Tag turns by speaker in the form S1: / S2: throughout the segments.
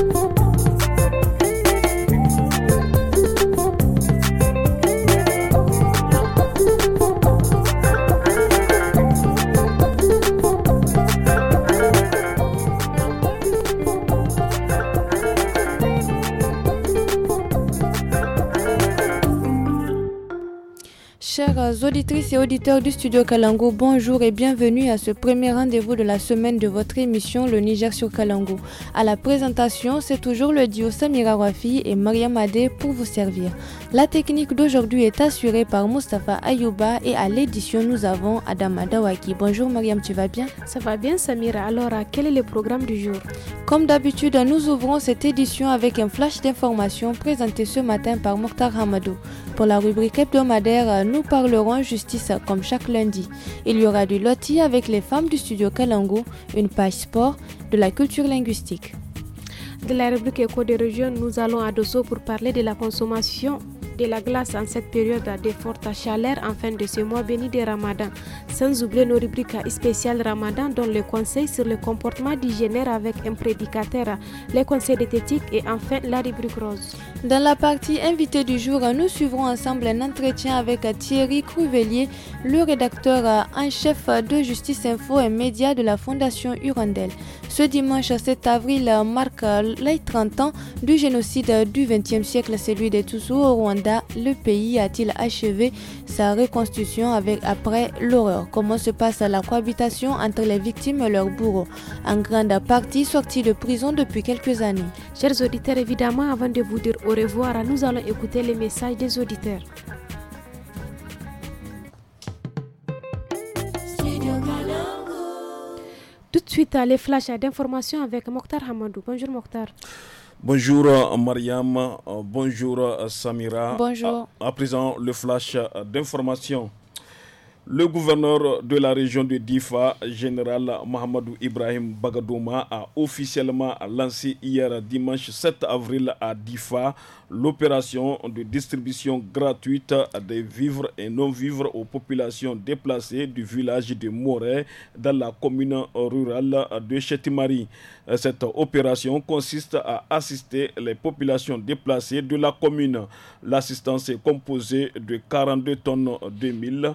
S1: Thank you. auditrices et auditeurs du studio Kalango, bonjour et bienvenue à ce premier rendez-vous de la semaine de votre émission Le Niger sur Kalango. À la présentation, c'est toujours le duo Samira Wafi et Mariam Adé pour vous servir. La technique d'aujourd'hui est assurée par Mustafa Ayouba et à l'édition, nous avons Adam Adawaki. Bonjour Mariam, tu vas bien Ça va bien Samira. Alors, euh, quel est le programme du jour Comme d'habitude, nous ouvrons cette édition avec un flash d'informations présenté ce matin par Mokhtar Hamadou. Pour la rubrique hebdomadaire, euh, nous parlons justice comme chaque lundi. Il y aura du loti avec les femmes du studio Kalango, une page sport, de la culture linguistique.
S2: De la rubrique Éco des régions, nous allons à Dosso pour parler de la consommation de la glace en cette période de forte chaleur en fin de ce mois béni de Ramadan. Sans oublier nos rubriques spéciales Ramadan dont le conseil sur le comportement d'hygiène avec un prédicateur, les conseils d'éthique et enfin la rubrique rose.
S1: Dans la partie invité du jour, nous suivrons ensemble un entretien avec Thierry Crouvelier, le rédacteur en chef de Justice Info et Média de la Fondation Urandel. Ce dimanche 7 avril euh, marque euh, les 30 ans du génocide du XXe siècle, celui des Tutsis au Rwanda. Le pays a-t-il achevé sa reconstitution avec, après l'horreur Comment se passe la cohabitation entre les victimes et leurs bourreaux En grande partie sortis de prison depuis quelques années. Chers auditeurs, évidemment, avant de vous
S2: dire au revoir, nous allons écouter les messages des auditeurs. suite les flashs d'informations avec Mokhtar Hamadou. Bonjour Mokhtar.
S3: Bonjour euh, Mariam, euh, bonjour euh, Samira. Bonjour. À, à présent, le flash d'information. Le gouverneur de la région de Difa, général Mohamedou Ibrahim Bagadouma, a officiellement lancé hier dimanche 7 avril à Difa l'opération de distribution gratuite des vivres et non-vivres aux populations déplacées du village de Moret dans la commune rurale de Chetimari. Cette opération consiste à assister les populations déplacées de la commune. L'assistance est composée de 42 tonnes de mille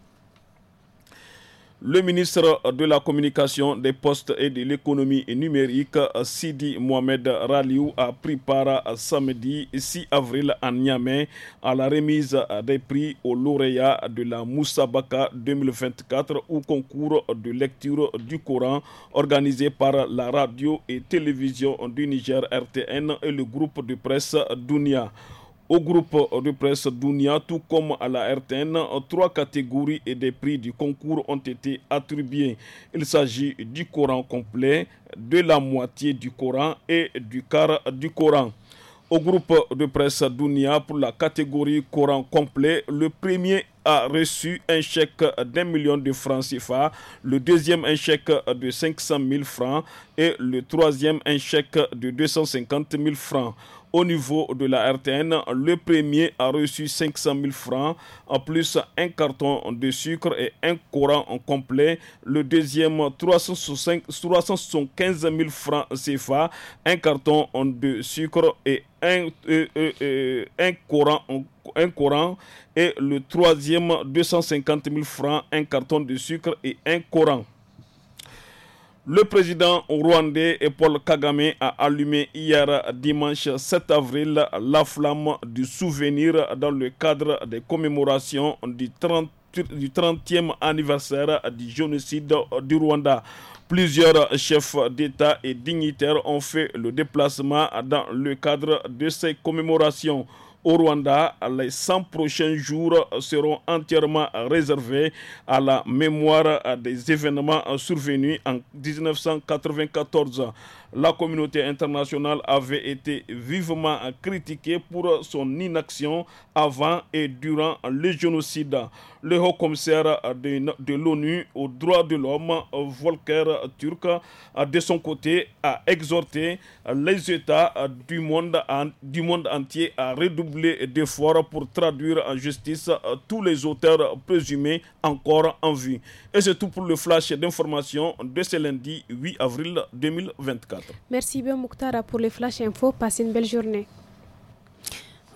S3: Le ministre de la Communication, des Postes et de l'Économie numérique, Sidi Mohamed Raliou, a pris part samedi 6 avril à Niamey à la remise des prix aux lauréats de la Moussabaka 2024 au concours de lecture du Coran organisé par la radio et télévision du Niger RTN et le groupe de presse Dunia. Au groupe de presse Dounia, tout comme à la RTN, trois catégories et des prix du concours ont été attribués. Il s'agit du Coran complet, de la moitié du Coran et du quart du Coran. Au groupe de presse Dounia, pour la catégorie Coran complet, le premier a reçu un chèque d'un million de francs CFA, le deuxième un chèque de 500 000 francs et le troisième un chèque de 250 000 francs. Au niveau de la RTN, le premier a reçu 500 000 francs, en plus un carton de sucre et un courant en complet. Le deuxième, 375 000 francs CFA, un carton de sucre et un, euh, euh, euh, un courant un et le troisième 250 000 francs, un carton de sucre et un courant. Le président rwandais Paul Kagame a allumé hier dimanche 7 avril la flamme du souvenir dans le cadre des commémorations du 30 du 30e anniversaire du génocide du Rwanda. Plusieurs chefs d'État et dignitaires ont fait le déplacement dans le cadre de ces commémorations au Rwanda. Les 100 prochains jours seront entièrement réservés à la mémoire des événements survenus en 1994. La communauté internationale avait été vivement critiquée pour son inaction avant et durant le génocide. Le haut commissaire de, l'ONU aux droits de l'homme, Volker Turk, de son côté, a exhorté les États du monde, entier à redoubler d'efforts pour traduire en justice tous les auteurs présumés encore en vue. Et c'est tout pour le flash d'information de ce lundi 8 avril 2024.
S2: Merci bien Mouktara pour les flash info. Passez une belle journée.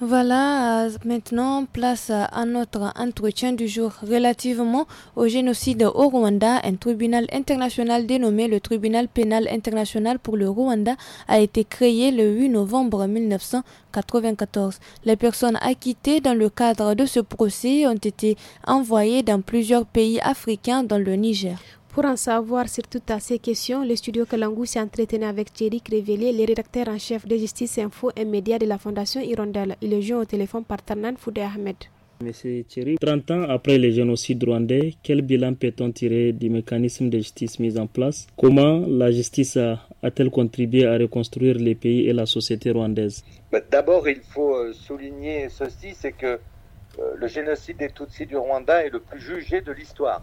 S1: Voilà, euh, maintenant place à notre entretien du jour relativement au génocide au Rwanda. Un tribunal international dénommé le Tribunal pénal international pour le Rwanda a été créé le 8 novembre 1994. Les personnes acquittées dans le cadre de ce procès ont été envoyées dans plusieurs pays africains dont le Niger. Pour en savoir sur toutes ces questions,
S2: le studio Kalangou s'est entretenu avec Thierry Crévelier, le rédacteur en chef de Justice Info et Média de la Fondation Hirondelle. Il est joint au téléphone par Tarnan Foudé Ahmed.
S4: Monsieur Thierry, 30 ans après le génocide rwandais, quel bilan peut-on tirer du mécanisme de justice mis en place Comment la justice a-t-elle contribué à reconstruire les pays et la société rwandaise
S5: D'abord, il faut euh, souligner ceci, c'est que euh, le génocide des Tutsis du Rwanda est le plus jugé de l'histoire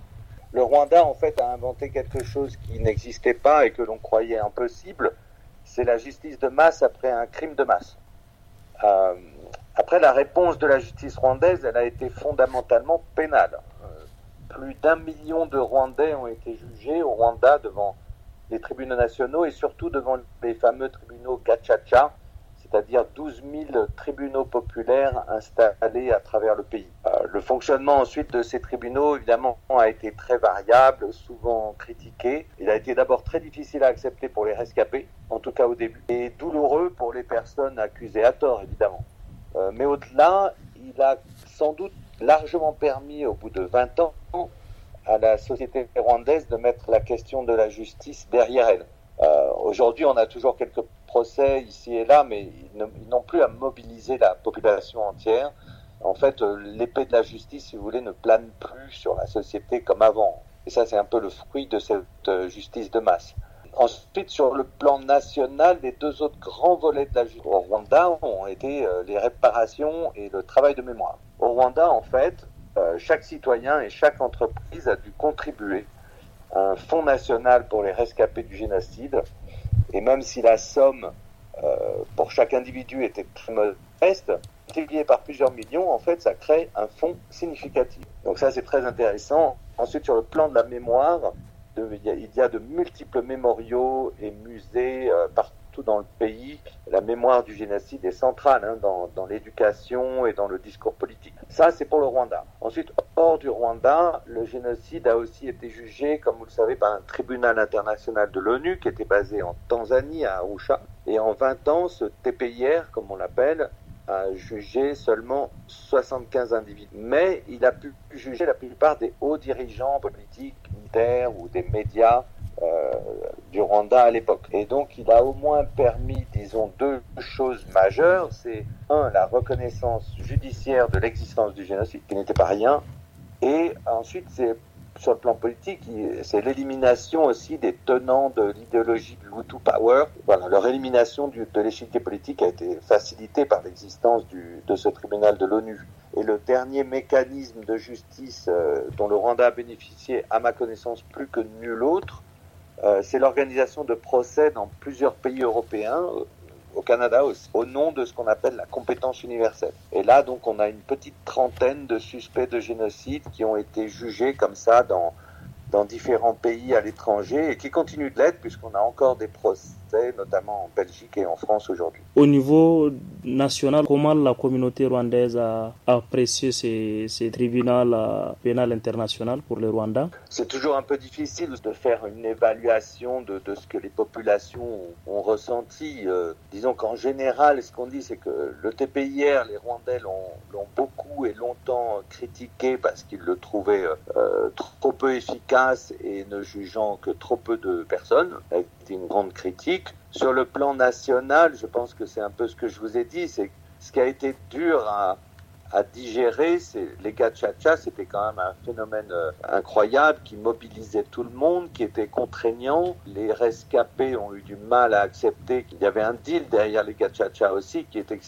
S5: le Rwanda, en fait, a inventé quelque chose qui n'existait pas et que l'on croyait impossible. C'est la justice de masse après un crime de masse. Euh, après, la réponse de la justice rwandaise, elle a été fondamentalement pénale. Euh, plus d'un million de Rwandais ont été jugés au Rwanda devant les tribunaux nationaux et surtout devant les fameux tribunaux Gachacha, c'est-à-dire 12 000 tribunaux populaires installés à travers le pays. Euh, le fonctionnement ensuite de ces tribunaux, évidemment, a été très variable, souvent critiqué. Il a été d'abord très difficile à accepter pour les rescapés, en tout cas au début, et douloureux pour les personnes accusées à tort, évidemment. Euh, mais au-delà, il a sans doute largement permis, au bout de 20 ans, à la société rwandaise de mettre la question de la justice derrière elle. Euh, aujourd'hui, on a toujours quelques procès ici et là, mais ils n'ont plus à mobiliser la population entière. En fait, euh, l'épée de la justice, si vous voulez, ne plane plus sur la société comme avant. Et ça, c'est un peu le fruit de cette euh, justice de masse. Ensuite, sur le plan national, les deux autres grands volets de la justice au Rwanda ont été les réparations et le travail de mémoire. Au Rwanda, en fait, chaque citoyen et chaque entreprise a dû contribuer un fonds national pour les rescapés du génocide. Et même si la somme euh, pour chaque individu était très modeste, multipliée par plusieurs millions, en fait, ça crée un fonds significatif. Donc ça, c'est très intéressant. Ensuite, sur le plan de la mémoire, de, il, y a, de multiples mémoriaux et musées euh, partout partout dans le pays, la mémoire du génocide est centrale hein, dans, dans l'éducation et dans le discours politique. Ça, c'est pour le Rwanda. Ensuite, hors du Rwanda, le génocide a aussi été jugé, comme vous le savez, par un tribunal international de l'ONU qui était basé en Tanzanie, à Arusha. Et en 20 ans, ce TPIR, comme on l'appelle, a jugé seulement 75 individus. Mais il a pu juger la plupart des hauts dirigeants politiques, militaires ou des médias euh, du Rwanda à l'époque. Et donc il a au moins permis, disons, deux choses majeures. C'est un, la reconnaissance judiciaire de l'existence du génocide, qui n'était pas rien. Et ensuite, c'est sur le plan politique, c'est l'élimination aussi des tenants de l'idéologie de Hutu Power. Voilà, leur élimination de l'échiquier politique a été facilitée par l'existence de ce tribunal de l'ONU. Et le dernier mécanisme de justice euh, dont le Rwanda a bénéficié, à ma connaissance, plus que nul autre, euh, c'est l'organisation de procès dans plusieurs pays européens, euh, au Canada aussi, au nom de ce qu'on appelle la compétence universelle. Et là, donc, on a une petite trentaine de suspects de génocide qui ont été jugés comme ça dans, dans différents pays à l'étranger et qui continuent de l'être puisqu'on a encore des procès notamment en Belgique et en France aujourd'hui.
S4: Au niveau national, comment la communauté rwandaise a apprécié ces, tribunal tribunaux pénal international pour le Rwanda
S5: C'est toujours un peu difficile de faire une évaluation de, ce que les populations ont ressenti. Euh, disons qu'en général, ce qu'on dit, c'est que le TPIR, les Rwandais l'ont beaucoup et longtemps critiqué parce qu'ils le trouvaient euh, trop peu efficace et ne jugeant que trop peu de personnes, une grande critique. Sur le plan national, je pense que c'est un peu ce que je vous ai dit, c'est ce qui a été dur à, digérer, c'est les gachacha, c'était quand même un phénomène euh, incroyable qui mobilisait tout le monde, qui était contraignant. Les rescapés ont eu du mal à accepter qu'il y avait un deal derrière les gachacha aussi, qui était que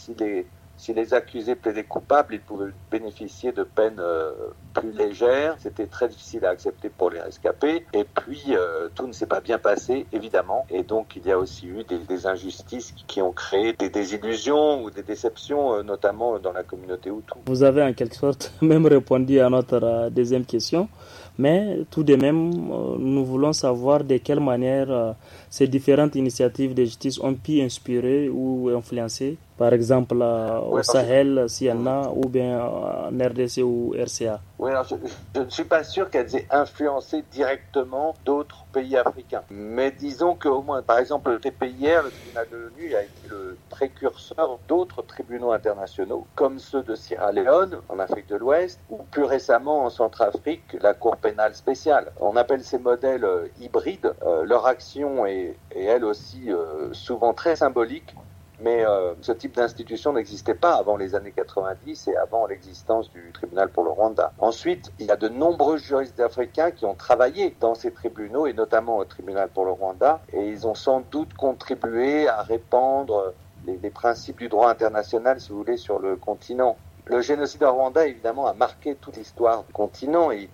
S5: si les accusés plaidaient coupables, ils pouvaient bénéficier de peines euh, plus légères. C'était très difficile à accepter pour les rescapés. Et puis, euh, tout ne s'est pas bien passé, évidemment. Et donc, il y a aussi eu des, injustices qui ont créé des désillusions ou des déceptions, euh, notamment dans la communauté Hutu.
S4: Vous avez en quelque sorte même répondu à notre deuxième question. Mais tout de même, nous voulons savoir de quelle manière ces différentes initiatives de justice ont pu inspirer ou influencer, par exemple euh, au Sahel, a, ou bien euh, en RDC ou RCA
S5: Oui, je, ne suis pas sûr qu'elles aient influencé directement d'autres pays africains. Mais disons qu'au moins, par exemple, le TPIR, le tribunal de l'ONU, a été le précurseur d'autres tribunaux internationaux, comme ceux de Sierra Leone, en Afrique de l'Ouest, ou plus récemment en Centrafrique, la Cour pénale spéciale. On appelle ces modèles euh, hybrides. leur action est et, elle aussi euh, souvent très symbolique. Mais euh, ce type d'institution n'existait pas avant les années 90 et avant l'existence du tribunal pour le Rwanda. Ensuite, il y a de nombreux juristes africains qui ont travaillé dans ces tribunaux et notamment au tribunal pour le Rwanda et ils ont sans doute contribué à répandre les, principes du droit international, si vous voulez, sur le continent. Le génocide au Rwanda, évidemment, a marqué toute l'histoire du continent et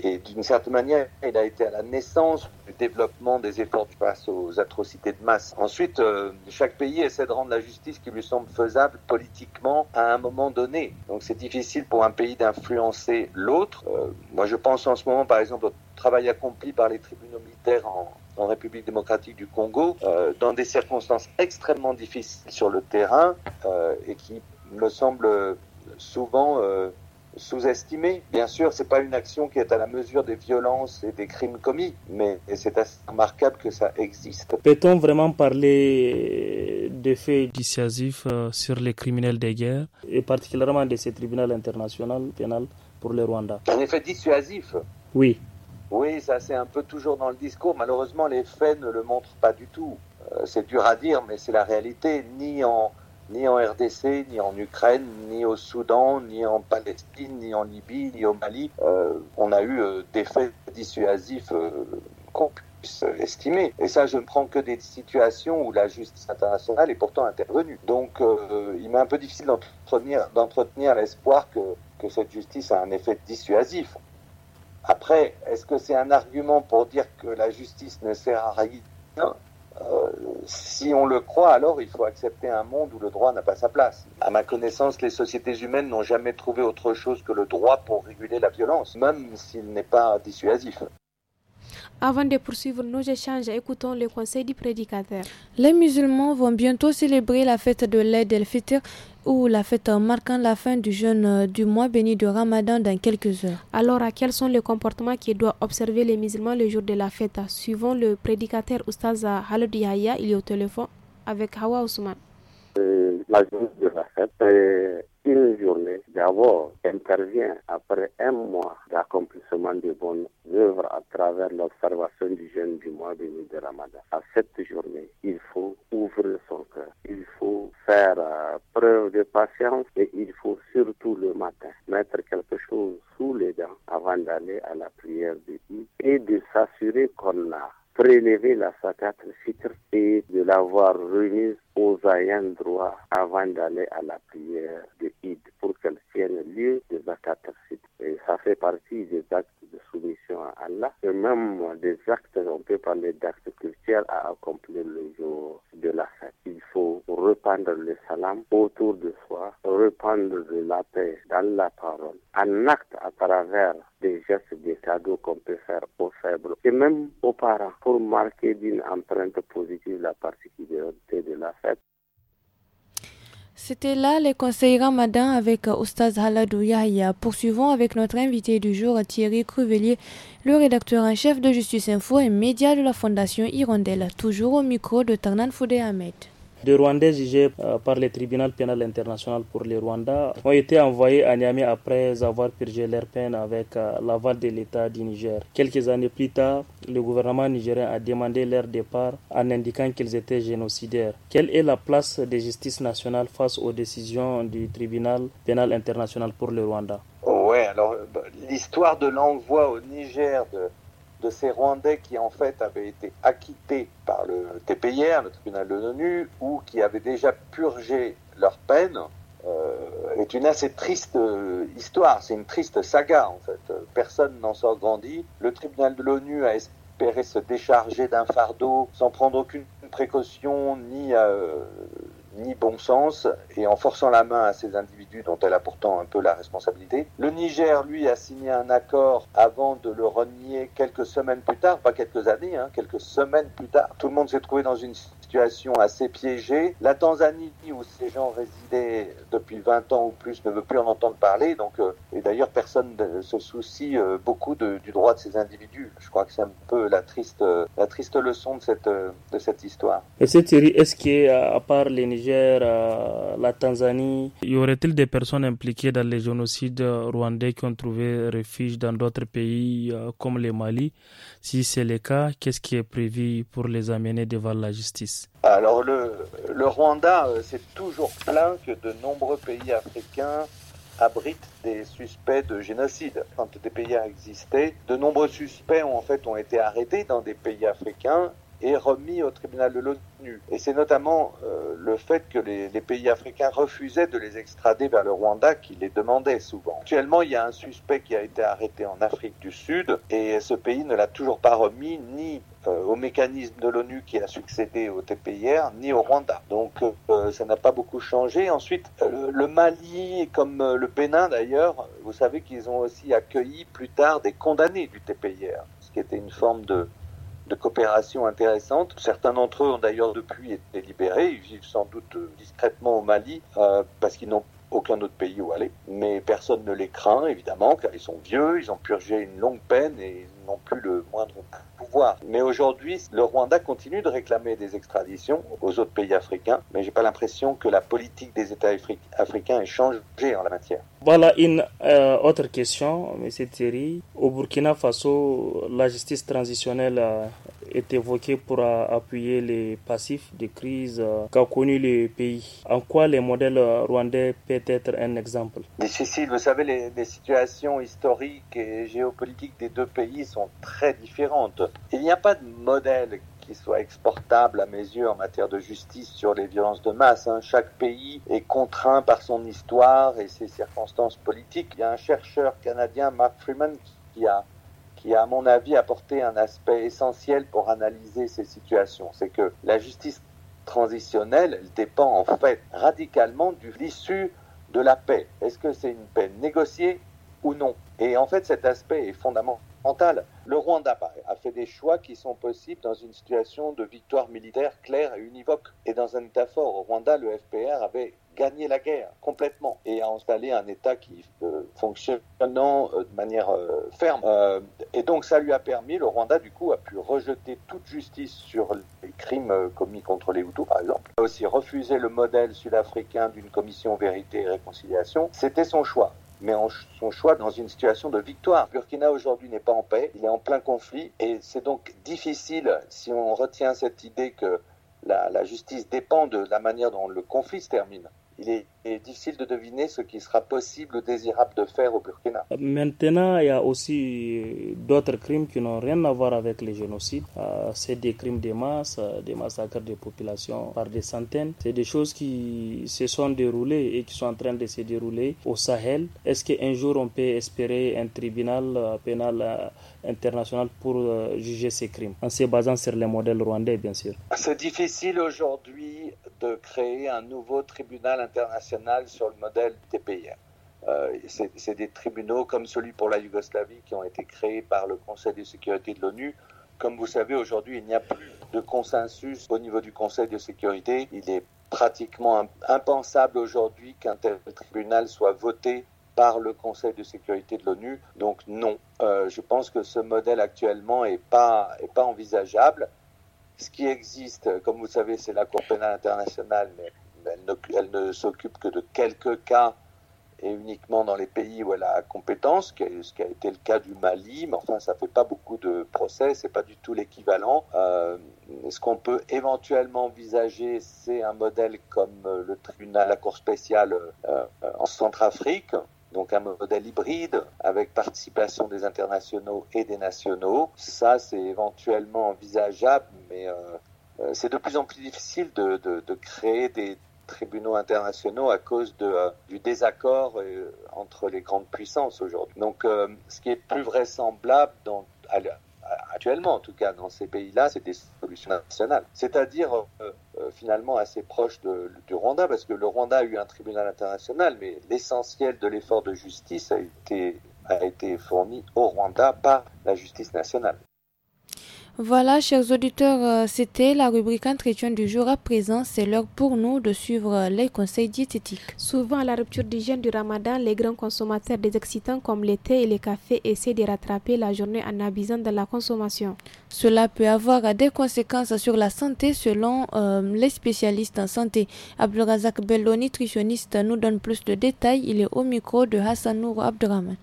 S5: et d'une certaine manière, il a été à la naissance du développement des efforts face aux atrocités de masse. Ensuite, euh, chaque pays essaie de rendre la justice qui lui semble faisable politiquement à un moment donné. Donc c'est difficile pour un pays d'influencer l'autre. Euh, moi, je pense en ce moment, par exemple, au travail accompli par les tribunaux militaires en, République démocratique du Congo, euh, dans des circonstances extrêmement difficiles sur le terrain et qui me semble souvent sous estimé Bien sûr, c'est pas une action qui est à la mesure des violences et des crimes commis, mais c'est assez remarquable que ça existe.
S4: Peut-on vraiment parler faits dissuasifs euh, sur les criminels de guerre et particulièrement de ces tribunaux internationaux pénals pour le Rwanda
S5: Un effet dissuasif Oui. Oui, ça c'est un peu toujours dans le discours. Malheureusement, les faits ne le montrent pas du tout. Euh, c'est dur à dire, mais c'est la réalité. Ni en ni en RDC, ni en Ukraine, ni au Soudan, ni en Palestine, ni en Libye, ni au Mali, euh, on a eu euh, des faits dissuasifs euh, qu'on puisse estimer. Et ça, je ne prends que des situations où la justice internationale est pourtant intervenue. Donc, il m'est un peu difficile d'entretenir l'espoir que, que cette justice a un effet dissuasif. Après, est-ce que c'est un argument pour dire que la justice ne sert à rien euh, si on le croit, alors il faut accepter un monde où le droit n'a pas sa place. À ma connaissance, les sociétés humaines n'ont jamais trouvé autre chose que le droit pour réguler la violence, même s'il n'est pas dissuasif.
S1: Avant
S2: de poursuivre nos échanges, écoutons le conseil du
S1: prédicateur. Les musulmans vont bientôt célébrer la fête de l'aide el-Fitr, ou la fête marquant la fin du jeûne euh, du mois béni du Ramadan dans quelques heures. Alors,
S2: à quels sont les comportements qui doivent observer les musulmans le jour de la fête Suivant le prédicateur Oustaza Halud Yahya, il est au téléphone avec Hawa Ousmane.
S6: Euh, la journée de la fête, euh, une journée d'abord intervient après un mois d'accomplissement de bonnes œuvres à travers l'observation du jeûne du mois de Ramadan. À cette journée, il faut ouvrir son cœur, il faut faire euh, preuve de patience et il faut surtout le matin mettre quelque chose sous les dents avant d'aller à la prière de Dieu et de s'assurer qu'on a prélever la fatate fitre et de l'avoir remise aux ayants droit avant d'aller à la prière de Eid pour qu'elle tienne lieu de zakat Et ça fait partie des actes à Allah, et même euh, des actes, on peut parler d'actes culturels à accomplir le jour de la fête. Il faut reprendre le salam autour de soi, reprendre de la paix dans la parole, Un acte à travers des gestes, des cadeaux qu'on peut faire aux faibles et même aux parents pour marquer d'une empreinte positive la particularité de la fête.
S1: C'était là les conseils ramadan avec euh, Oustaz Haladou Yahya. Poursuivons avec notre invité du jour, Thierry Cruvelier, le rédacteur en chef de Justice Info et média de la Fondation Hirondelle, toujours au micro de Tarnan Foudé Ahmed.
S4: Deux Rwandais jugés euh, par le tribunal pénal international pour le Rwanda ont été envoyés à Niamey après avoir purgé leur peine avec euh, l'aval de l'État du Niger. Quelques années plus tard, le gouvernement nigérien a demandé leur départ en indiquant qu'ils étaient génocidaires. Quelle est la place des justices nationales face aux décisions du tribunal pénal international pour le Rwanda
S5: Ouais, alors l'histoire de l'envoi au Niger de de ces Rwandais qui en fait avaient été acquittés par le TPIR, le tribunal de l'ONU, ou qui avaient déjà purgé leur peine, euh, est une assez triste euh, histoire, c'est une triste saga en fait. Personne n'en sort grandi. Le tribunal de l'ONU a espéré se décharger d'un fardeau sans prendre aucune précaution ni... Euh, ni bon sens et en forçant la main à ces individus dont elle a pourtant un peu la responsabilité. Le Niger, lui, a signé un accord avant de le renier quelques semaines plus tard, pas quelques années, hein, quelques semaines plus tard. Tout le monde s'est trouvé dans une situation assez piégée. La Tanzanie, où ces gens résidaient depuis 20 ans ou plus, ne veut plus en entendre parler. Donc, euh, et d'ailleurs, personne ne se soucie euh, beaucoup du droit de ces individus. Je crois que c'est un peu la triste, euh, la triste leçon de cette, de cette histoire.
S4: Et c'est est-ce à part les Niger Niger, euh, la Tanzanie. Y aurait-il des personnes impliquées dans les génocides rwandais qui ont trouvé refuge dans d'autres pays euh, comme le Mali Si c'est le cas, qu'est-ce qui est prévu pour les amener devant la justice
S5: Alors le, Rwanda euh, c'est toujours plein que de nombreux pays africains abritent des suspects de génocide. Quand des pays existaient. de nombreux suspects ont en fait ont été arrêtés dans des pays africains et remis au tribunal de l'ONU. Et c'est notamment euh, le fait que les, pays africains refusaient de les extrader vers le Rwanda qui les demandait souvent. Actuellement, il y a un suspect qui a été arrêté en Afrique du Sud et ce pays ne l'a toujours pas remis ni euh, au mécanisme de l'ONU qui a succédé au TPIR, ni au Rwanda. Donc euh, ça n'a pas beaucoup changé. Ensuite, le Mali, comme le Bénin d'ailleurs, vous savez qu'ils ont aussi accueilli plus tard des condamnés du TPIR, ce qui était une forme de, de coopération intéressante. Certains d'entre eux ont d'ailleurs depuis été libérés. Ils vivent sans doute discrètement au Mali euh, parce qu'ils n'ont aucun autre pays où aller. Mais personne ne les craint, évidemment, car ils sont vieux, ils ont purgé une longue peine et n'ont plus le moindre pouvoir. Mais aujourd'hui, le Rwanda continue de réclamer des extraditions aux autres pays africains, mais j'ai pas l'impression que la politique des États africains ait changé en la matière.
S4: Voilà une euh, autre question, M. Thierry. Au Burkina Faso, la justice transitionnelle est évoqué pour appuyer les passifs de crise euh, qu'a connu le pays. En quoi les modèles euh, rwandais peut être un exemple
S5: Mais Cécile, vous savez, les, situations historiques et géopolitiques des deux pays sont très différentes. Il n'y a pas de modèle qui soit exportable à mes yeux en matière de justice sur les violences de masse. Hein. Chaque pays est contraint par son histoire et ses circonstances politiques. Il y a un chercheur canadien, Mark Freeman, qui a qui a, à mon avis, apporté un aspect essentiel pour analyser ces situations. C'est que la justice transitionnelle, dépend en fait radicalement de l'issue de la paix. Est-ce que c'est une paix négociée ou non Et en fait, cet aspect est fondamental. Le Rwanda a fait des choix qui sont possibles dans une situation de victoire militaire claire et univoque. Et dans un métaphore, au Rwanda, le FPR avait gagner la guerre complètement et à installer un État qui euh, fonctionne euh, de manière euh, ferme. et donc ça lui a permis, le Rwanda du coup a pu rejeter toute justice sur les crimes commis contre les Hutus par exemple. Il a aussi refusé le modèle sud-africain d'une commission vérité et réconciliation. C'était son choix mais son choix dans une situation de victoire. Burkina aujourd'hui n'est pas en paix, il est en plein conflit, et c'est donc difficile, si on retient cette idée que la justice dépend de la manière dont le conflit se termine, il est, difficile de deviner ce qui sera possible ou désirable de faire au Burkina.
S4: Maintenant, il y a aussi d'autres crimes qui n'ont rien à voir avec les génocides. Euh, c'est des crimes de masse, euh, des massacres de populations par des centaines. C'est des choses qui se sont déroulées et qui sont en train de se dérouler au Sahel. Est-ce qu'un jour on peut espérer un tribunal euh, pénal international pour juger ces crimes en se basant sur les modèles rwandais, bien
S5: sûr C'est difficile aujourd'hui de créer un nouveau tribunal international sur le modèle euh, TPIR. c'est des tribunaux comme celui pour la Yougoslavie qui ont été créés par le Conseil de sécurité de l'ONU. Comme vous savez, aujourd'hui, il n'y a plus de consensus au niveau du Conseil de sécurité. Il est pratiquement impensable aujourd'hui qu'un tel tribunal soit voté par le Conseil de sécurité de l'ONU. Donc non, euh, je pense que ce modèle actuellement n'est pas, pas envisageable. Ce qui existe, comme vous savez, c'est la Cour pénale internationale, mais elle ne, s'occupe que de quelques cas et uniquement dans les pays où elle a compétence, ce qui a été le cas du Mali, mais enfin ça ne fait pas beaucoup de procès, c'est pas du tout l'équivalent. Euh, ce qu'on peut éventuellement envisager, c'est un modèle comme euh, le tribunal, la Cour spéciale euh, en Centrafrique, donc un modèle hybride avec participation des internationaux et des nationaux, ça c'est éventuellement envisageable, mais euh, euh, c'est de plus en plus difficile de, de, créer des, tribunaux internationaux à cause de, euh, du désaccord entre les grandes puissances aujourd'hui. Donc, ce qui est plus vraisemblable dans, euh, actuellement en tout cas dans ces pays-là, c'est des solutions nationales. C'est-à-dire euh, euh, finalement assez proche du Rwanda, parce que le Rwanda a eu un tribunal international, mais l'essentiel de l'effort de justice a a été fourni au Rwanda par la justice nationale.
S1: Voilà, chers auditeurs, euh, c'était la rubrique entretien du jour. À présent, c'est l'heure pour nous de suivre euh, les conseils diététiques.
S2: Souvent, à la rupture d'hygiène du ramadan, les grands consommateurs des excitants comme le thé et les cafés essaient de
S1: rattraper la journée en abusant de la consommation. Cela peut avoir des conséquences sur la santé selon euh, les spécialistes en santé. Abdelrazak Bello, nutritionniste, nous donne plus de détails. Il est au micro de Hassanour Nour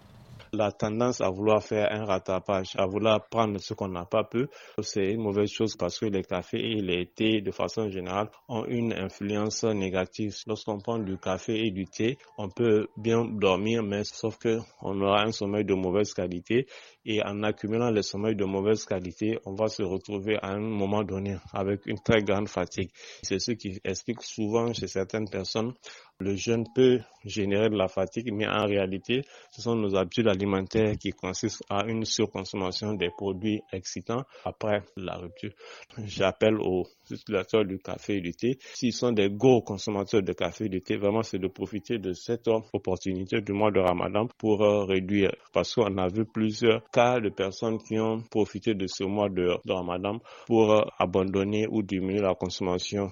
S3: la tendance à vouloir faire un rattrapage, à vouloir prendre ce qu'on n'a pas pu, c'est une mauvaise chose parce que les cafés et les thés, de façon générale, ont une influence négative. Lorsqu'on prend du café et du thé, on peut bien dormir, mais sauf qu'on aura un sommeil de mauvaise qualité et en accumulant les sommeils de mauvaise qualité, on va se retrouver à un moment donné avec une très grande fatigue. C'est ce qui explique souvent chez certaines personnes le jeûne peut générer de la fatigue, mais en réalité, ce sont nos habitudes alimentaires qui consistent à une surconsommation des produits excitants après la rupture. J'appelle aux utilisateurs du café et du thé, s'ils sont des gros consommateurs de café et de thé, vraiment c'est de profiter de cette opportunité du mois de Ramadan pour euh, réduire. Parce qu'on a vu plusieurs cas de personnes qui ont profité de ce mois de Ramadan pour euh, abandonner ou diminuer la consommation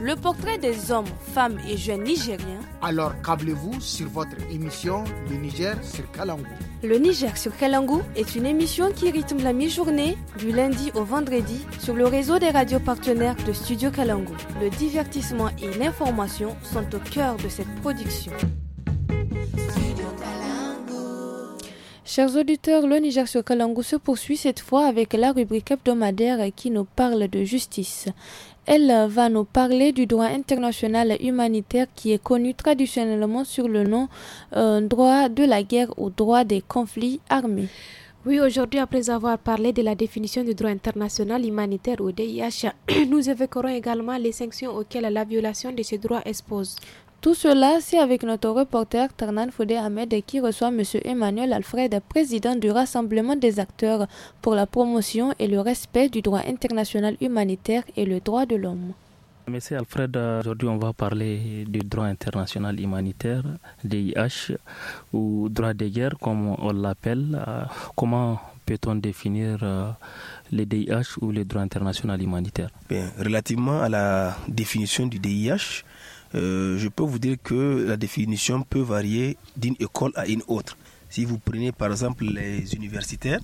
S1: le portrait des hommes, femmes et jeunes nigériens.
S7: Alors câblez-vous sur votre émission Le Niger sur Kalangou.
S1: Le Niger sur Kalangou est une émission qui rythme la mi-journée du lundi au vendredi sur le réseau des radios partenaires de Studio Kalangou. Le divertissement et l'information sont au cœur de cette production. Chers auditeurs, le Niger sur Kalango se poursuit cette fois avec la rubrique hebdomadaire qui nous parle de justice. Elle va nous parler du droit international humanitaire qui est connu traditionnellement sur le nom euh, droit de la guerre ou droit des conflits armés. Oui, aujourd'hui, après avoir parlé de la définition du droit
S2: international humanitaire ou DIH, nous évoquerons également les sanctions auxquelles la violation de ces
S1: droits expose. Tout cela, c'est avec notre reporter Ternan Foudé Ahmed qui reçoit M. Emmanuel Alfred, président du Rassemblement des acteurs pour la promotion et le respect du droit international humanitaire et le droit de l'homme.
S4: Monsieur Alfred, aujourd'hui on va parler du droit international humanitaire, DIH, ou droit de guerre comme on l'appelle. Euh, comment peut-on définir euh, le DIH ou le droit international humanitaire Relativement à la définition du DIH,
S8: euh, je peux vous dire que la définition peut varier d'une école à une autre. Si vous prenez par exemple les universitaires,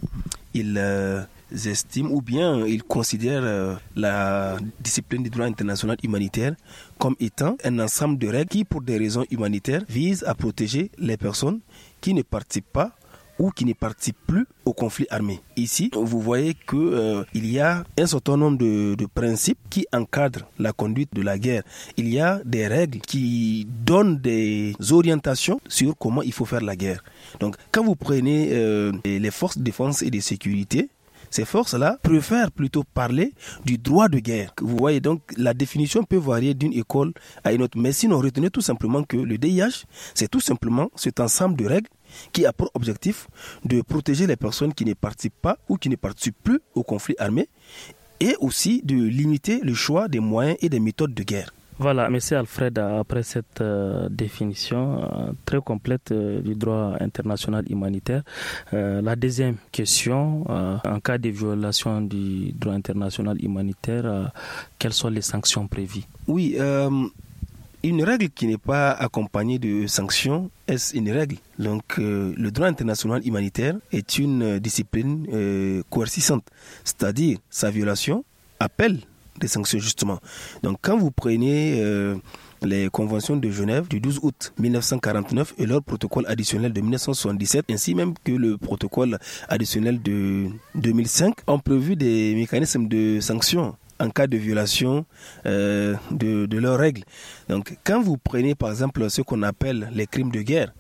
S8: ils euh, estiment ou bien ils considèrent euh, la discipline du droit international humanitaire comme étant un ensemble de règles qui, pour des raisons humanitaires, visent à protéger les personnes qui ne participent pas ou qui ne participent plus au conflit armé. Ici, vous voyez que euh, il y a un certain nombre de, principes qui encadrent la conduite de la guerre. Il y a des règles qui donnent des orientations sur comment il faut faire la guerre. Donc, quand vous prenez euh, les forces de défense et de sécurité, ces forces-là préfèrent plutôt parler du droit de guerre. Vous voyez donc, la définition peut varier d'une école à une autre. Mais sinon, retenez tout simplement que le DIH, c'est tout simplement cet ensemble de règles qui a pour objectif de protéger les personnes qui ne participent pas ou qui ne participent plus au conflit armé et aussi de limiter le choix des moyens et des méthodes de guerre.
S4: Voilà, Monsieur Alfred, après cette euh, définition euh, très complète euh, du droit international humanitaire, la deuxième question, en cas de violation du droit international humanitaire, quelles sont les sanctions prévues
S8: Oui, une règle qui n'est pas accompagnée de sanctions est une règle. Donc le droit international humanitaire est une discipline coercissante, c'est-à-dire sa violation appelle des sanctions justement. Donc quand vous prenez euh, les conventions de Genève du 12 août 1949 et leur protocole additionnel de 1977, ainsi même que le protocole additionnel de 2005, ont prévu des mécanismes de sanctions en cas de violation euh, de, de leurs règles. Donc quand vous prenez par exemple ce qu'on appelle les crimes de guerre,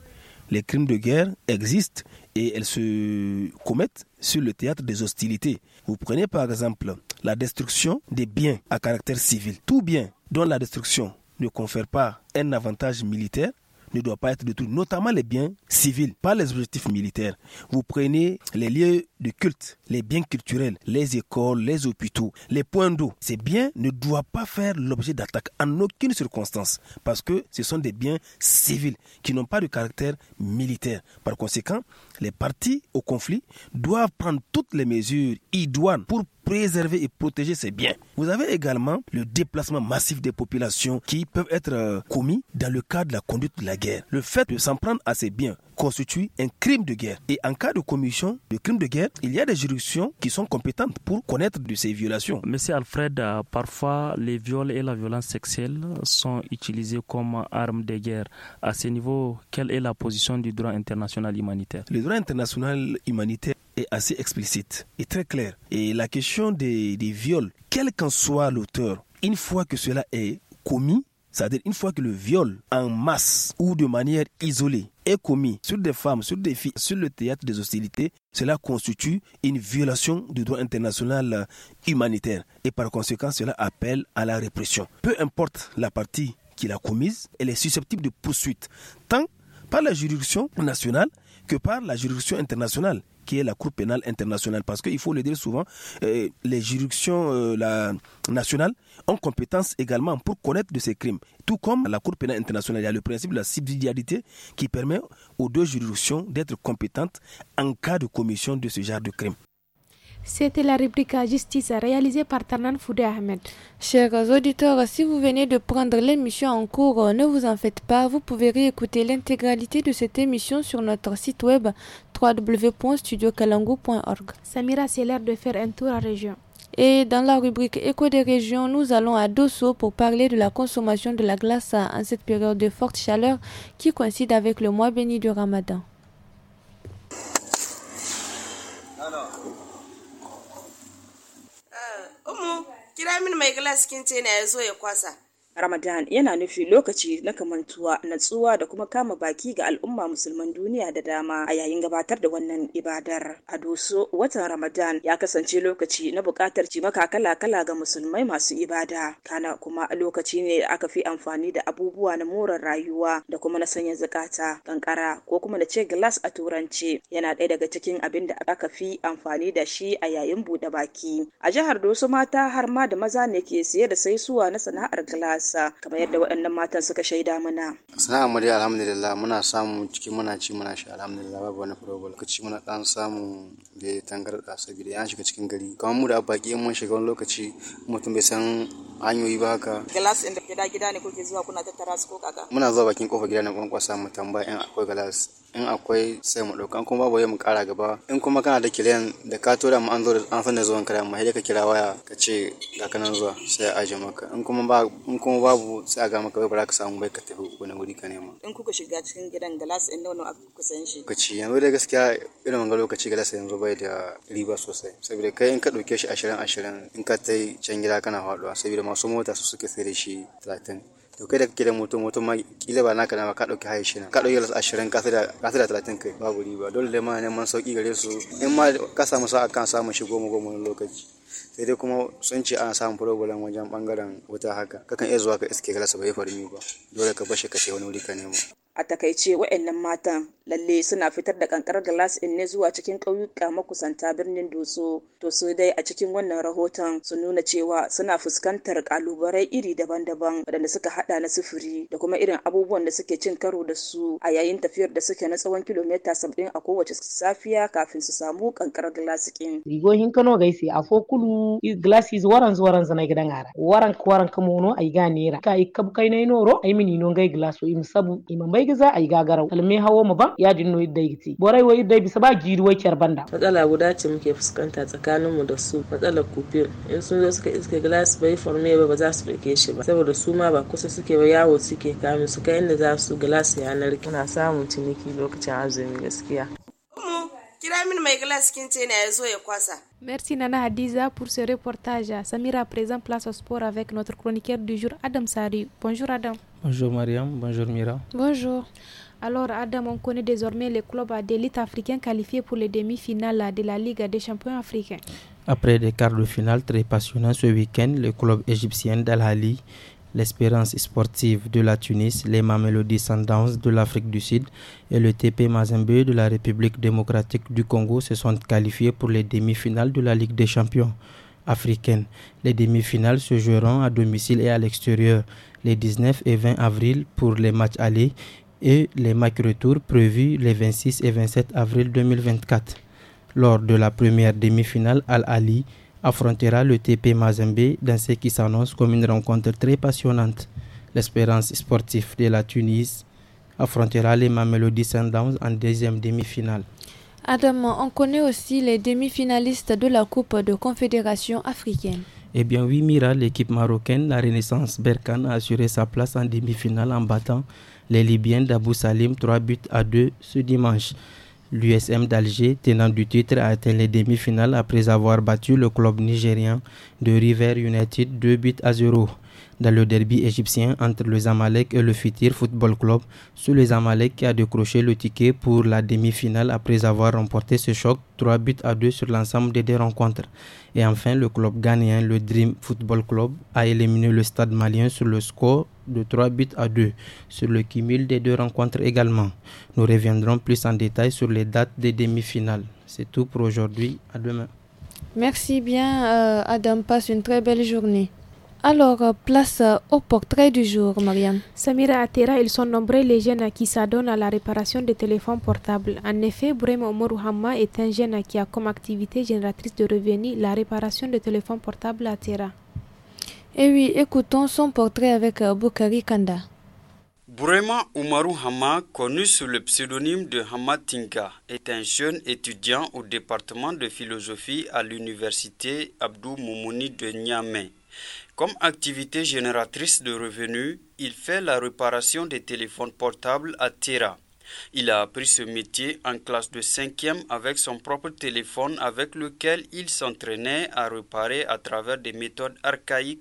S8: les crimes de guerre existent et elles se commettent sur le théâtre des hostilités. Vous prenez par exemple la destruction des biens à caractère civil. Tout bien dont la destruction ne confère pas un avantage militaire ne doit pas être de tout. notamment les biens civils, pas les objectifs militaires. Vous prenez les lieux de culte les biens culturels, les écoles, les hôpitaux, les points d'eau, ces biens ne doivent pas faire l'objet d'attaques en aucune circonstance parce que ce sont des biens civils qui n'ont pas de caractère militaire. Par conséquent, les parties au conflit doivent prendre toutes les mesures idoines pour préserver et protéger ces biens. Vous avez également le déplacement massif des populations qui peuvent être euh, commis dans le cadre de la conduite de la guerre. Le fait de s'en prendre à ces biens constitue un crime de guerre. Et en cas de commission de crime de guerre, il y a des juridictions qui sont compétentes pour connaître de
S4: ces violations. Monsieur Alfred, euh, parfois les viols et la violence sexuelle sont utilisés comme armes de guerre. À ce niveau, quelle est la position du droit international humanitaire Le droit international humanitaire est assez explicite et très clair. Et la question
S8: des, des viols, quel qu'en soit l'auteur, une fois que cela est commis, c'est-à-dire une fois que le viol en masse ou de manière isolée est commis sur des femmes, sur des filles, sur le théâtre des hostilités, cela constitue une violation du droit international humanitaire et par conséquent cela appelle à la répression. Peu importe la partie qui l'a commise, elle est susceptible de poursuite, tant par la juridiction nationale que par la juridiction internationale qui est la Cour pénale internationale. Parce qu'il faut le dire souvent, euh, les juridictions euh, nationales ont compétence également pour connaître de ces crimes. Tout comme la Cour pénale internationale, il y a le principe de la subsidiarité qui permet aux deux juridictions d'être compétentes en cas de commission de ce genre de crime.
S2: C'était la rubrique à Justice
S1: réalisée par Tarnan Foudé Ahmed. Chers auditeurs, si vous venez de prendre l'émission en cours, euh, ne vous en faites pas. Vous pouvez réécouter l'intégralité de cette émission sur notre site web www.studiocalangou.org.
S2: Samira, c'est l'heure de faire un tour
S1: en région. Et dans la rubrique Écho des régions, nous allons à Dosso pour parler de la consommation de la glace en cette période de forte chaleur qui coïncide avec le mois béni du Ramadan.
S9: Umu, kira min mai gilas kin ce na ya zo ya kwasa. Ramadan yana nufi lokaci na kamantuwa, natsuwa da kuma kama baki ga al'umma musulman duniya da dama a yayin gabatar da wannan ibadar. A doso watan Ramadan ya kasance lokaci na buƙatar cimaka kala-kala ga musulmai masu ibada. Kana kuma lokaci ne da aka fi amfani da abubuwa na more rayuwa da kuma na sanya zakata, kankara ko kuma na ce glass a turance. yana ɗaya daga cikin abin da aka fi amfani da shi a yayin buɗe baki. A jihar Doso mata har ma da maza ne ke siye da saisuwa na sana'ar glass matasa kamar yadda waɗannan matan suka shaida mana.
S10: Sana'a mu dai alhamdulillah muna samu ciki muna ci muna sha alhamdulillah babu wani problem lokaci muna ɗan samu da ya tangarɗa saboda ya shiga cikin gari kamar mu da baki in mun shiga wani lokaci mutum bai san hanyoyi ba haka. Glass
S9: inda gida gida ne kuke zuwa kuna
S10: tattara su ko kaka. Muna zuwa bakin kofar gida na kwankwasa mu tambaya in akwai glass in akwai sai mu dauka kuma babu mu ƙara gaba in kuma kana da kiran da ka tura mu an zo an san da zuwan ka mu ka kira waya ka ce ga kanan zuwa sai a aje maka in kuma ba in kuma babu sai a ga maka bai ba ka samu bai ka tafi wani wuri ka nema
S9: in kuka shiga cikin gidan galas in nono aka kusan shi lokaci
S10: yanzu da gaskiya irin wannan lokaci galas yanzu bai da riba sosai saboda kai in ka dauke shi ashirin ashirin in ka tai can gida kana faɗuwa saboda masu mota su suke sai da shi talatin to da kake da moto moto ma kila ba naka na ka dauki haye na ka dauki las 20 ka da da 30 kai babu riba dole dai ma neman sauki gare su in ma ka samu sa'a kan samu shi goma goma lokaci sai dai kuma sun ce ana samun problem wajen bangaren wuta haka kakan iya zuwa ka iske kalasa bai farmi ba dole ka bashi ka ce wani wuri ka nemo
S9: a takaice wa'annan matan lalle suna fitar da kankarar glass in ne zuwa cikin ƙauyuka makusanta birnin doso su dai a cikin wannan rahoton su nuna cewa suna fuskantar kalubarai iri daban-daban waɗanda suka hada na sufuri da kuma irin abubuwan da suke cin karo da su a yayin tafiyar da suke na tsawon kilomita saba'in a kowace safiya kafin su samu kankarar glass ɗin.
S11: rigohin kano gaisi a fokulu glasses waran waran zana gidan ara waran waran kamo no ai ga nera kai kab kai nai noro ai mini no gai glasso im sabu im bai giza ai garau. alme hawo ma ba ya dinno idda yiti borai
S9: wai idda bisa ba giri wai kyar banda matsala guda ce muke fuskanta tsakanin mu da su matsalar kupil in sun zo suka iske glass bai forme ba ba za su dauke shi ba saboda su ma ba kusa suke ba yawo suke kamin su kai inda za su glass yanar na samun ciniki lokacin azumi gaskiya
S2: Merci Nana Hadiza pour ce reportage. Samira, présente présent, place au sport avec notre chroniqueur du jour, Adam Sari. Bonjour Adam.
S7: Bonjour Mariam, bonjour Mira.
S2: Bonjour. Alors Adam, on connaît désormais le club d'élite africains qualifiés pour les demi-finales de la Ligue des champions africains.
S7: Après des quarts de finale très passionnants ce week-end, le club égyptien Dalhali, l'Espérance sportive de la Tunis, les Mamelody Sundowns de l'Afrique du Sud et le TP Mazembe de la République démocratique du Congo se sont qualifiés pour les demi-finales de la Ligue des champions africaine. Les demi-finales se joueront à domicile et à l'extérieur les 19 et 20 avril pour les matchs aller et les matchs retour prévus les 26 et 27 avril 2024. Lors de la première demi-finale, Al-Ali affrontera le TP Mazembe dans ce qui s'annonce comme une rencontre très passionnante. L'espérance sportive de la Tunisie affrontera les Mamelody Sundowns en deuxième demi-finale.
S1: Adam, on connaît aussi les demi-finalistes de la Coupe de Confédération africaine.
S7: Eh bien oui, Mira, l'équipe marocaine, la Renaissance Berkane, a assuré sa place en demi-finale en battant les Libyens d'Abou Salim 3 buts à 2 ce dimanche. L'USM d'Alger, tenant du titre, a atteint les demi-finales après avoir battu le club nigérien de River United 2 buts à 0 dans le derby égyptien entre le Zamalek et le Fitir Football Club, sous le Zamalek qui a décroché le ticket pour la demi-finale après avoir remporté ce choc 3 buts à 2 sur l'ensemble des deux rencontres. Et enfin, le club ghanéen, le Dream Football Club, a éliminé le stade malien sur le score de 3 buts à 2 sur le cumul des deux rencontres également. Nous reviendrons plus en détail sur les dates des demi-finales. C'est tout pour aujourd'hui. À demain.
S1: Merci bien, euh, Adam. Passe une très belle journée. Alors, euh, place euh, au portrait du jour, Marianne.
S2: Samira Atera, ils sont nombreux les jeunes qui s'adonnent à la réparation des téléphones portables. En effet, Brema Omar est un jeune qui a comme activité génératrice de revenus la réparation de téléphones
S1: portables à Atera. Et eh oui, écoutons son portrait avec euh, Boukari Kanda.
S12: Burema Umaru Hama, connu sous le pseudonyme de Hama Tinka, est un jeune étudiant au département de philosophie à l'université Abdou Moumouni de Niamey. Comme activité génératrice de revenus, il fait la réparation des téléphones portables à Tera. Il a appris ce métier en classe de 5e avec son propre téléphone avec lequel il s'entraînait à réparer à travers des méthodes archaïques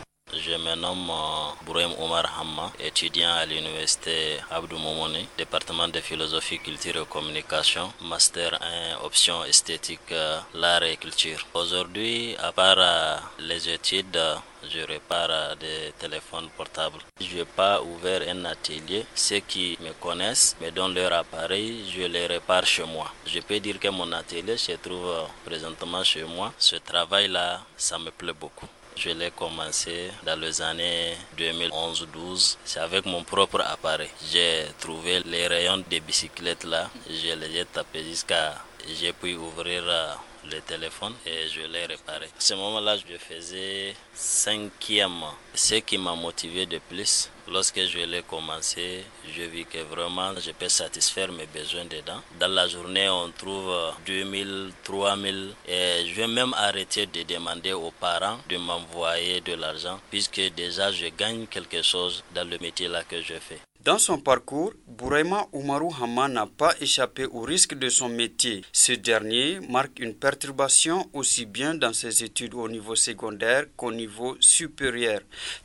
S13: Je me nomme euh, Bourem Omar Hamma, étudiant à l'université Abdou Moumouni, département de philosophie, culture et communication, master 1, option esthétique, euh, l'art et culture. Aujourd'hui, à part euh, les études, je répare des téléphones portables. Je n'ai pas ouvert un atelier. Ceux qui me connaissent me donnent leur appareil, je les répare chez moi. Je peux dire que mon atelier se trouve présentement chez moi. Ce travail-là, ça me plaît beaucoup. Je l'ai commencé dans les années 2011 2012 C'est avec mon propre appareil. J'ai trouvé les rayons des bicyclettes là. Je les ai tapés jusqu'à... J'ai pu ouvrir euh, le téléphone et je l'ai réparé. À ce moment-là, je faisais cinquième. Ce qui m'a motivé de plus, Lorsque je l'ai commencé, je vis que vraiment je peux satisfaire mes besoins dedans. Dans la journée, on trouve 2000, 3000 et je vais même arrêter de demander aux parents de m'envoyer de l'argent puisque déjà je gagne quelque chose dans le métier là que je fais.
S12: Dans son parcours, Bouraima Oumarou Hama n'a pas échappé au risque de son métier. Ce dernier marque une perturbation aussi bien dans ses études au niveau secondaire qu'au niveau supérieur.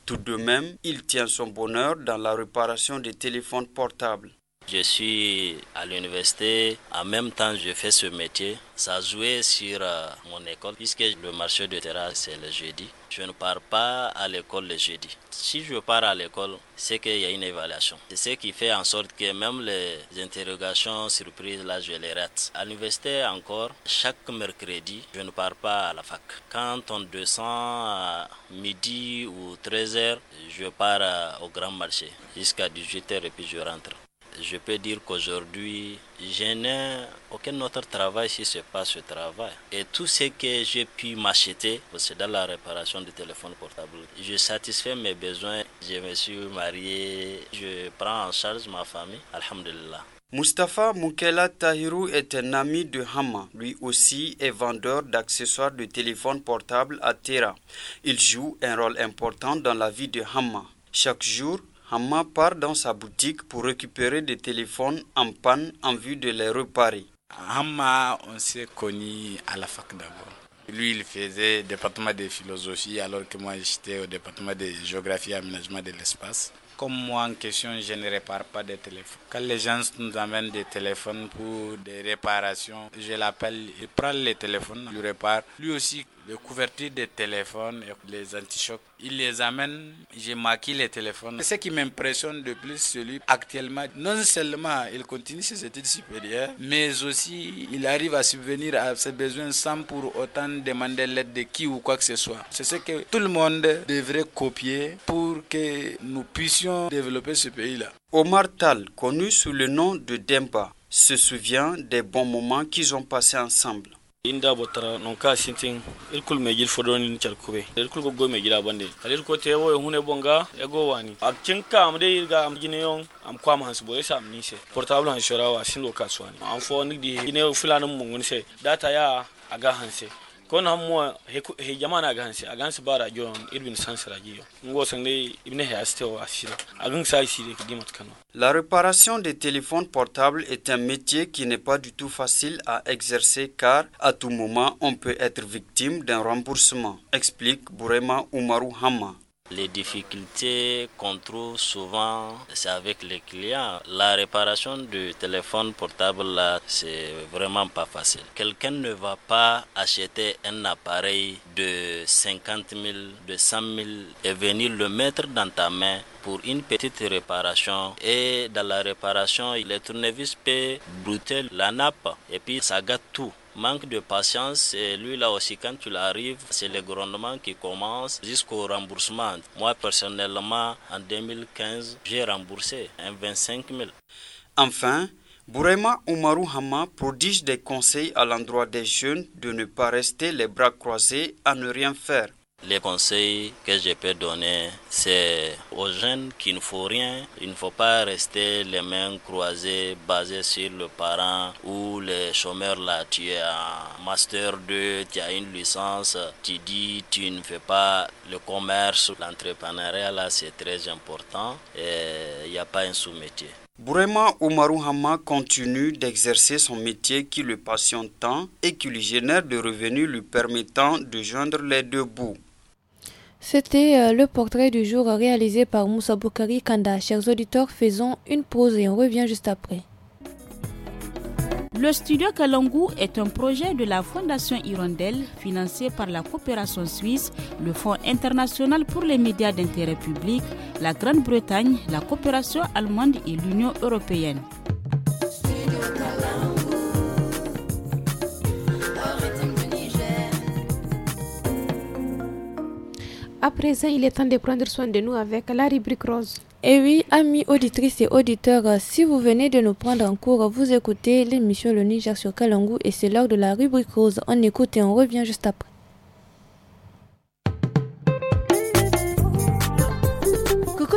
S12: Tout de même, il tient son bonheur dans la réparation des téléphones portables.
S13: Je suis à l'université, en même temps je fais ce métier. Ça jouait sur euh, mon école puisque le marché de terrain c'est le jeudi. Je ne pars pas à l'école le jeudi. Si je pars à l'école, c'est qu'il y a une évaluation. C'est ce qui fait en sorte que même les interrogations, surprises, là, je les rate. À l'université encore, chaque mercredi, je ne pars pas à la fac. Quand on descend à midi ou 13h, je pars euh, au grand marché jusqu'à 18h et puis je rentre je peux dire qu'aujourd'hui, je n'ai aucun autre travail si ce n'est pas ce travail. Et tout ce que j'ai pu m'acheter, c'est dans la réparation du téléphone portable. Je satisfais mes besoins, je me suis marié, je prends en charge ma famille, alhamdulillah.
S12: Mustapha Moukela Tahirou est un ami de Hama. Lui aussi est vendeur d'accessoires de téléphone portable à Tera. Il joue un rôle important dans la vie de Hama. Chaque jour, Hamma part dans sa boutique pour récupérer des téléphones en panne en vue de les réparer.
S14: Hamma, on s'est connu à la fac d'abord. Lui, il faisait département de philosophie alors que moi, j'étais au département de géographie et aménagement de l'espace. Comme moi, en question, je ne répare pas de téléphones. Quand les gens nous amènent des téléphones pour des réparations, je l'appelle, il prend les téléphones, il répare. Lui aussi, les couvertures des téléphones, et les antichocs, il les amène, j'ai maquille les téléphones. Ce qui m'impressionne de plus, celui actuellement, non seulement il continue ses études supérieures, mais aussi il arrive à subvenir à ses besoins sans pour autant demander l'aide de qui ou quoi que ce soit. C'est ce que tout le monde devrait copier pour que nous
S12: puissions développer ce pays-là. Omar Tal, connu sous le nom de Demba, se souvient des bons moments qu'ils ont passés ensemble. inda botara non ka sintin me
S3: gil fodon ni charkube il go go me gila bande kalir ko te wo hune bonga e go wani akin ka am de irga am gine yon am kwa hansu boye sam ni se portable han sin kaswani am fo ni di ine fulanin mun se data ya aga hanse la
S12: réparation des téléphones portables est un métier qui n'est pas du tout facile à exercer car à tout moment on peut être victime d'un
S13: remboursement explique Bourema Umaru Hama les difficultés qu'on trouve souvent, c'est avec les clients. La réparation du téléphone portable, là, c'est vraiment pas facile. Quelqu'un ne va pas acheter un appareil de 50 000, de 100 000 et venir le mettre dans ta main pour une petite réparation. Et dans la réparation, le tournevis peut brouter la nappe et puis ça gâte tout manque de patience. Et lui, là aussi, quand il arrive, c'est le grondement qui commence jusqu'au remboursement. Moi, personnellement, en 2015, j'ai remboursé un 25 000.
S12: Enfin, Bourema Omaru Hama prodige des conseils à l'endroit des jeunes de ne pas rester les bras croisés
S13: à ne rien faire. Les conseils que je peux donner, c'est aux jeunes qu'il ne faut rien. Il ne faut pas rester les mains croisées basées sur le parent ou les chômeurs là. Tu es un master 2, tu as une licence, tu dis tu ne fais pas le commerce. L'entrepreneuriat là, c'est très important et il n'y a pas un sous-métier.
S12: Bourema Oumarou Hama continue d'exercer son métier qui le passionne tant et qui lui génère des revenus lui permettant de joindre les deux bouts.
S1: C'était euh, le portrait du jour réalisé par Moussa Boukari Kanda. Chers auditeurs, faisons une pause et on revient juste après.
S9: Le studio Kalangu est un projet de la Fondation Hirondelle financé par la coopération suisse, le Fonds international pour les médias d'intérêt public, la Grande-Bretagne, la coopération allemande et l'Union européenne.
S2: À présent, il est temps de prendre soin de nous avec la rubrique rose.
S1: Eh oui, amis auditrices et auditeurs, si vous venez de nous prendre en cours, vous écoutez l'émission Le Niger sur Kalangou et c'est l'heure de la rubrique rose. On écoute et on revient juste après.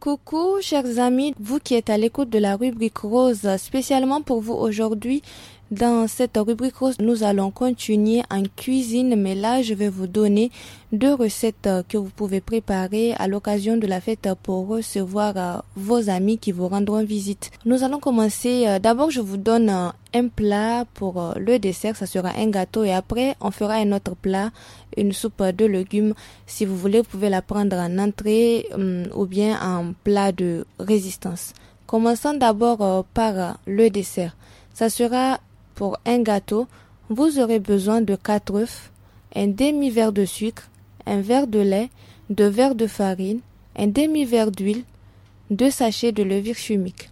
S1: Coucou chers amis, vous qui êtes à l'écoute de la rubrique rose spécialement pour vous aujourd'hui, dans cette rubrique, nous allons continuer en cuisine, mais là, je vais vous donner deux recettes que vous pouvez préparer à l'occasion de la fête pour recevoir euh, vos amis qui vous rendront visite. Nous allons commencer. Euh, d'abord, je vous donne euh, un plat pour le dessert, ça sera un gâteau et après, on fera un autre plat, une soupe de légumes. Si vous voulez, vous pouvez la prendre en entrée hum, ou bien en plat de résistance. Commençons d'abord par le dessert. Ça sera pour un gâteau, vous aurez besoin de 4 œufs, un demi-verre de sucre, un verre de lait, deux verres de farine, un demi-verre d'huile, deux sachets de levure chimique.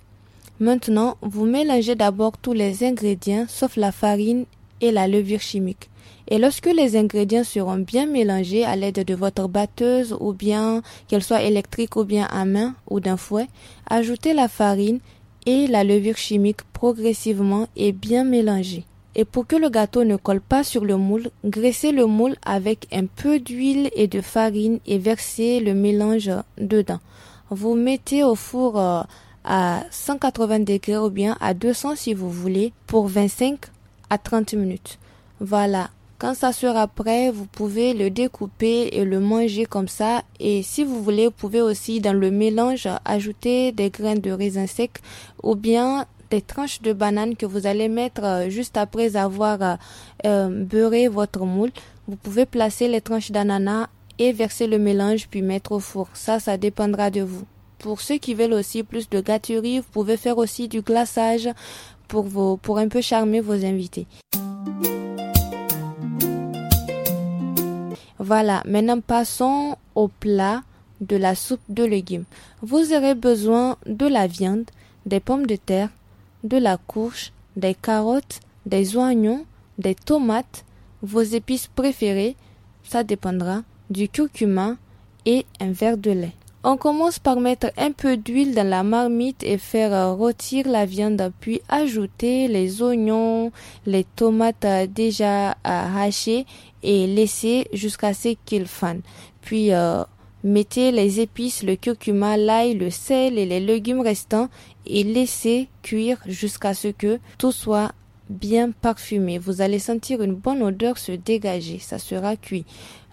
S1: Maintenant, vous mélangez d'abord tous les ingrédients sauf la farine et la levure chimique. Et lorsque les ingrédients seront bien mélangés à l'aide de votre batteuse ou bien qu'elle soit électrique ou bien à main ou d'un fouet, ajoutez la farine et la levure chimique progressivement et bien mélangée. Et pour que le gâteau ne colle pas sur le moule, graissez le moule avec un peu d'huile et de farine et versez le mélange dedans. Vous mettez au four euh, à 180 degrés ou bien à 200 si vous voulez pour 25 à 30 minutes. Voilà, quand ça sera prêt, vous pouvez le découper et le manger comme ça. Et si vous voulez, vous pouvez aussi dans le mélange ajouter des graines de raisin sec ou bien des tranches de banane que vous allez mettre euh, juste après avoir euh, euh, beurré votre moule. Vous pouvez placer les tranches d'ananas et verser le mélange puis mettre au four. Ça, ça dépendra de vous. Pour ceux qui veulent aussi plus de gâterie, vous pouvez faire aussi du glaçage pour, pour un peu charmer vos invités. Voilà, maintenant passons au plat de la soupe de légumes. Vous aurez besoin de la viande, des pommes de terre, de la courge, des carottes, des oignons, des tomates, vos épices préférées, ça dépendra, du curcuma et un verre de lait. On commence par mettre un peu d'huile dans la marmite et faire rôtir la viande, puis ajouter les oignons, les tomates déjà hachées et laisser jusqu'à ce qu'ils fanent. Puis euh, mettez les épices, le curcuma, l'ail, le sel et les légumes restants et laissez cuire jusqu'à ce que tout soit bien parfumé. Vous allez sentir une bonne odeur se dégager. Ça sera cuit.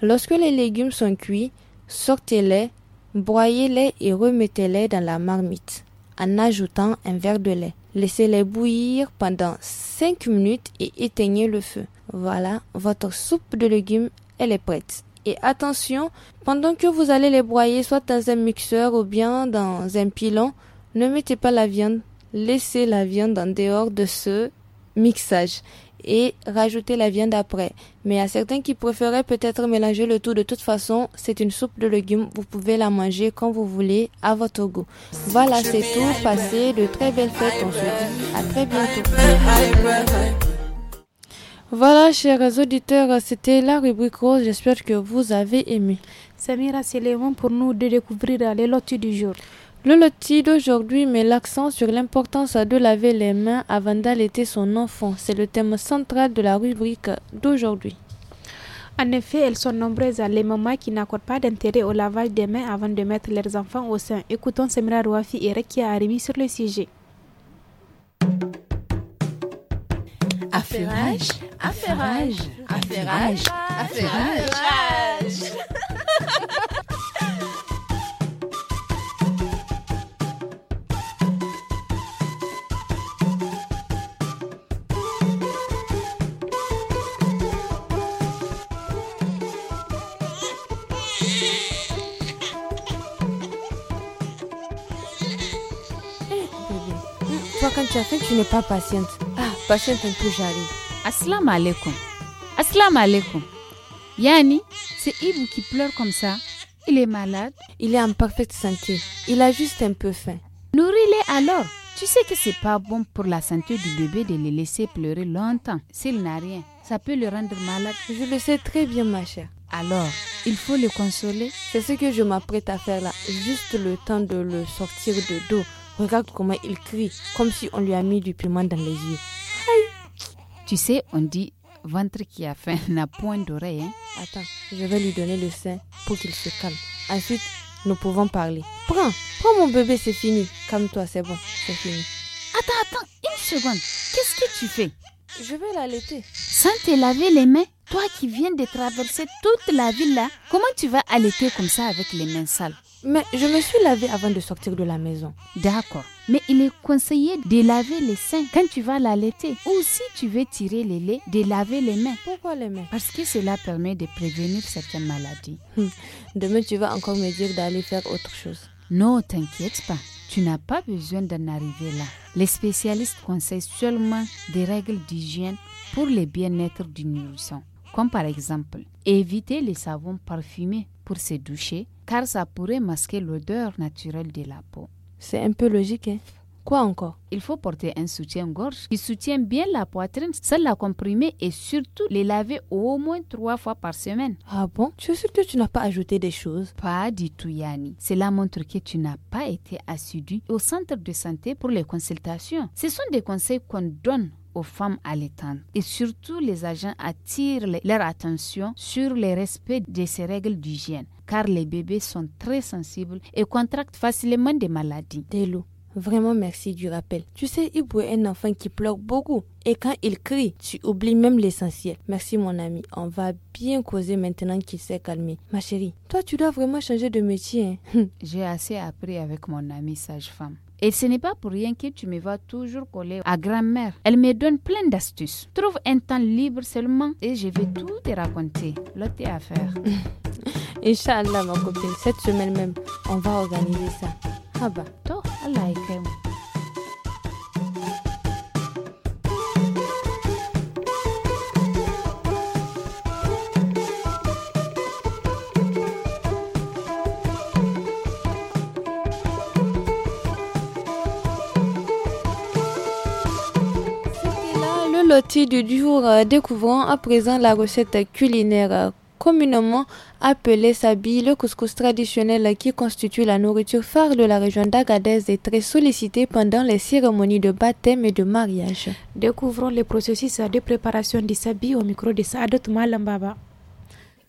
S1: Lorsque les légumes sont cuits, sortez-les Broyez-les et remettez-les dans la marmite en ajoutant un verre de lait. Laissez-les bouillir pendant 5 minutes et éteignez le feu. Voilà, votre soupe de légumes, elle est prête. Et attention, pendant que vous allez les broyer soit dans un mixeur ou bien dans un pilon, ne mettez pas la viande. Laissez la viande en dehors de ce mixage et rajouter la viande après. Mais à certains qui préféraient peut-être mélanger le tout de toute façon, c'est une soupe de légumes, vous pouvez la manger quand vous voulez, à votre goût. Voilà, c'est tout, passez de très belles fêtes, aujourd'hui à très bientôt. Voilà, chers auditeurs, c'était la rubrique rose. J'espère que vous avez aimé. Samira, c'est pour nous de découvrir les lotus du jour. Le loti d'aujourd'hui met l'accent sur l'importance de laver les mains avant d'allaiter son enfant. C'est le thème central de la rubrique d'aujourd'hui.
S2: En effet, elles sont nombreuses les mamans qui n'accordent pas d'intérêt au lavage des mains avant de mettre leurs enfants au sein. Écoutons Semra Rouafi et Rekia Arimi sur le sujet.
S1: Affairage,
S15: tu as fait, tu n'es pas patiente. Ah, patiente un peu, j'arrive. Aslam alaikum. Aslam alaikum. Yani, c'est Ibu qui pleure comme ça. Il est malade. Il est en parfaite santé. Il a juste un peu faim. Nourris-les alors. Tu sais que c'est pas bon pour la santé du bébé de le laisser pleurer longtemps s'il n'a rien. Ça peut le rendre malade. Je le sais très bien, ma chère. Alors, il faut le consoler. C'est ce que je m'apprête à faire là. Juste le temps de le sortir de dos Regarde comment il crie, comme si on lui a mis du piment dans les yeux. Tu sais, on dit ventre qui a faim n'a point d'oreille. Hein. Attends, je vais lui donner le sein pour qu'il se calme. Ensuite,
S1: nous pouvons parler. Prends, prends mon bébé, c'est fini. Calme-toi, c'est bon, c'est fini.
S15: Attends, attends, une seconde. Qu'est-ce que tu fais Je vais l'allaiter. Sans te laver les mains Toi qui viens de traverser toute la ville là, comment tu vas allaiter comme ça avec les mains sales mais je me suis lavé avant de sortir de la maison. D'accord. Mais il est conseillé de laver les seins quand tu vas l'allaiter. Ou si tu veux tirer les laits, de laver les mains. Pourquoi les mains Parce que cela permet de prévenir certaines maladies. Hmm. Demain, tu vas encore me dire d'aller faire autre chose. Non, t'inquiète pas. Tu n'as pas besoin d'en arriver là. Les spécialistes conseillent seulement des règles d'hygiène pour le bien-être du nourrisson, comme par exemple éviter les savons parfumés pour se doucher car ça pourrait masquer l'odeur naturelle de la peau. C'est un peu logique, hein? Quoi encore Il faut porter un soutien-gorge qui soutient bien la poitrine, sans la comprimer et surtout les laver au moins trois fois par semaine. Ah bon Tu es sûre que tu n'as pas ajouté des choses. Pas du tout, Yanni. Cela montre que tu n'as pas été assidu au centre de santé pour les consultations. Ce sont des conseils qu'on donne aux femmes allaitantes. Et surtout, les agents attirent leur attention sur le respect de ces règles d'hygiène, car les bébés sont très sensibles et contractent facilement des maladies. Delo, vraiment merci du rappel. Tu sais, il
S1: est un enfant qui pleure beaucoup. Et quand il crie, tu oublies même l'essentiel. Merci mon ami,
S15: on va bien causer maintenant qu'il s'est calmé. Ma chérie, toi tu dois vraiment changer de métier. Hein. J'ai assez appris avec mon ami sage-femme. Et ce n'est pas pour rien que tu me vois toujours coller à grand-mère. Elle me donne plein d'astuces. Trouve un temps libre seulement et je vais tout te raconter. L'autre est à faire. Inch'Allah, ma copine, cette semaine même, on va organiser ça. Ah bah, toi, Allah
S1: Sortie du jour, euh, découvrons à présent la recette culinaire euh, communément appelée sabi, le couscous traditionnel qui constitue la nourriture phare de la région d'Agadez et très sollicité pendant les cérémonies de baptême et de mariage.
S2: Découvrons les processus de préparation du sabi au micro de Saadat
S9: Malambaba.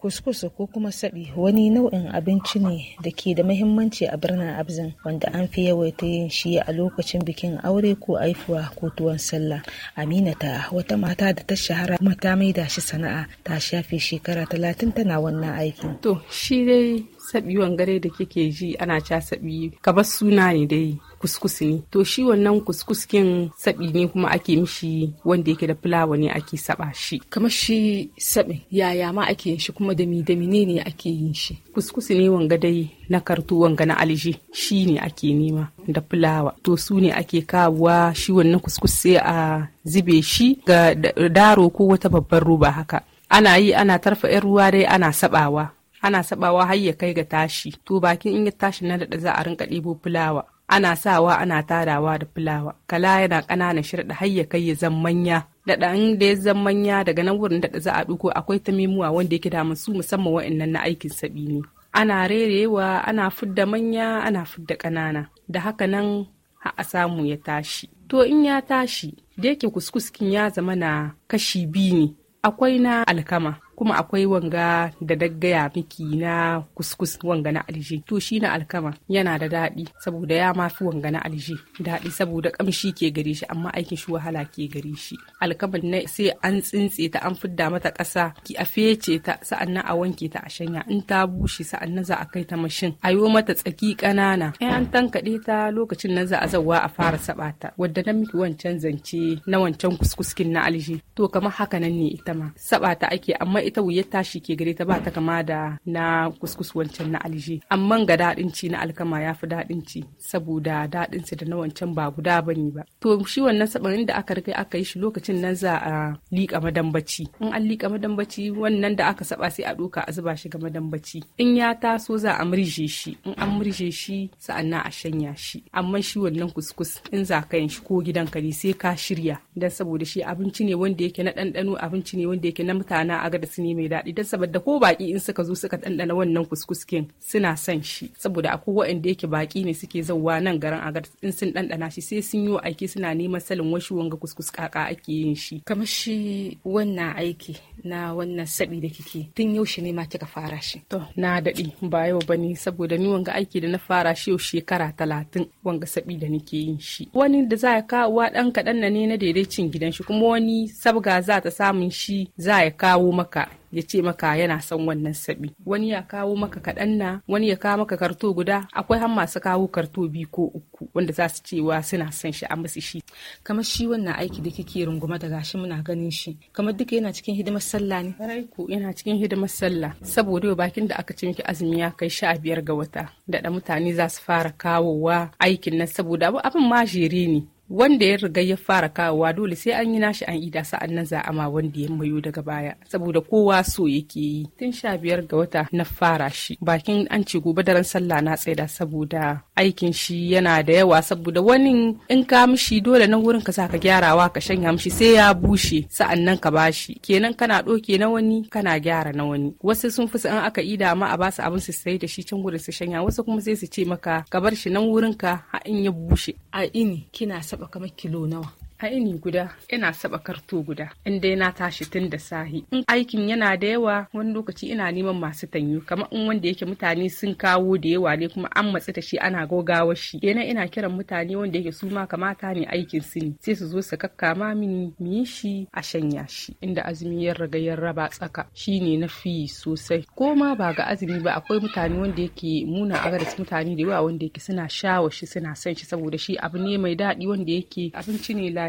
S9: Kuskus ko kuma sabi wani nau'in abinci ne da ke da mahimmanci a birnin Abzin wanda an fi yawaita yin shi a lokacin bikin aure ko aifuwa ko tuwon sallah. Aminata wata mata da ta shahara kuma ta da shi sana'a ta shafe shekara talatin tana wannan aikin.
S11: To shi dai saɓi wangare da kike ji ana ca saɓi ka suna ne dai kuskus ne to shi wannan kuskuskin sabi ne kuma ake mishi wanda yake da fulawa ne ake saba shi kamar shi sabin yaya ma ake yin shi kuma da mi da ne ake yin shi kuskus ne wanga dai na kartu wanga na alje shi ne ake nema da fulawa to su ne ake kawowa shi wannan kuskus sai a zube shi ga daro ko wata babbar roba haka ana yi ana tarfa 'yan ruwa dai ana saɓawa. ana sabawa har ya kai ga tashi to bakin in ya tashi na da za a rinka ɗebo fulawa ana sawa ana tarawa da fulawa kala yana ƙananan shirɗa har ya kai ya zan manya daɗa da ya zan manya daga nan wurin da za a ɗuko akwai ta mimuwa wanda yake damun su musamman wa'annan na aikin saɓi ne ana rerewa ana fudda manya ana fudda ƙanana da haka nan a samu ya tashi to in ya tashi da yake kuskuskin ya zama na kashi biyu ne akwai na alkama kuma akwai wanga da daggaya miki na kuskus wanga na Alije. to shi na alkama yana da daɗi saboda ya mafi wanga na Alije. daɗi saboda ƙamshi ke gare shi amma aikin shi wahala ke gare shi alkama na sai an tsintse ta an fidda mata ƙasa ki a fece ta sa'annan a wanke ta a shanya in ta bushe sa'annan za a kai ta mashin a yo mata tsaki ƙanana in an tankaɗe ta lokacin nan za a zauwa a fara saɓa ta wadda na miki wancan zance na wancan kuskuskin na Alije. to kamar haka nan ne ita ma saɓa ta ake amma ita wuyar tashi ke gare ta ba ta kama da na kuskus wancan na alji amma ga daɗin ci na alkama ya fi daɗin ci saboda daɗin da na wancan ba guda ne ba to shi wannan sabarin da aka riga aka yi shi lokacin nan za a liƙa madambaci in an liƙa madambaci wannan da aka saba sai a ɗoka a zuba shi ga madambaci in ya taso za a murje shi in an murje shi sa'annan a shanya shi amma shi wannan kuskus in za ka yin shi ko gidan ka ne sai ka shirya dan saboda shi abinci ne wanda yake na ɗanɗano abinci ne wanda yake na mutana a gada abinci ne mai daɗi don saboda ko baƙi in suka zo suka ɗanɗana wannan kuskuskin suna son shi saboda akwai waɗanda yake baƙi ne suke zauwa nan garin agar in sun ɗanɗana shi sai sun yi aiki suna neman salin washi wanga kuskus kaka ake yin shi kamar shi wannan aiki na wannan sabi da kike tun yaushe ne ma kika fara shi to na daɗi ba yau ba ne saboda ni wanga aiki da na fara shi yau shekara talatin wanga sabi da nake yin shi wani da za ya kawo ɗan kaɗan na ne na daidaicin gidan shi kuma wani sabga za ta samun shi za ya kawo maka ya ce maka yana son wannan sabi wani ya kawo maka kaɗan na wani ya kawo maka karto guda akwai har masu kawo karto biyu ko uku wanda za su cewa suna son shi a musu shi kamar shi wannan aiki da kike runguma da gashi muna ganin shi kamar duka yana cikin hidimar sallah ne ko yana cikin hidimar sallah saboda bakin da aka ce miki azumi ya kai sha biyar ga wata da mutane za su fara kawowa aikin nan saboda abin ma jere ne wanda ya riga ya fara kawowa dole sai an yi nashi an ida sa'an nan za a ma wanda ya mayu daga baya saboda kowa so yake yi tun sha biyar ga wata na fara shi bakin an ce gobe daren sallah na tsaida saboda aikin shi yana da yawa saboda wani in ka mishi dole na wurin ka sa ka gyarawa ka shanya mishi sai ya bushe sa'an nan ka bashi kenan kana doke na wani kana gyara na wani wasu sun fi in aka ida ma a basu abin su sai da shi can gurin su shanya wasu kuma sai su ce maka ka bar shi nan wurin ka in ya bushe a ini kina taba kama kilo nawa a ini guda ina saba karto guda in dai na tashi tun da sahi in aikin yana da yawa wani lokaci ina neman masu tanyo kamar in wanda yake mutane sun kawo da yawa ne kuma an matsi da shi ana gogawar shi kenan ina kiran mutane wanda yake su ma kamata ne aikin su ne sai su zo su kakkama mini mi shi a shanya shi inda azumi ya raga ya raba tsaka shine na fi sosai ko ma ba ga azumi ba akwai mutane wanda yake muna a garin mutane da yawa wanda yake suna shawo shi suna son shi saboda shi abu ne mai daɗi wanda yake abinci ne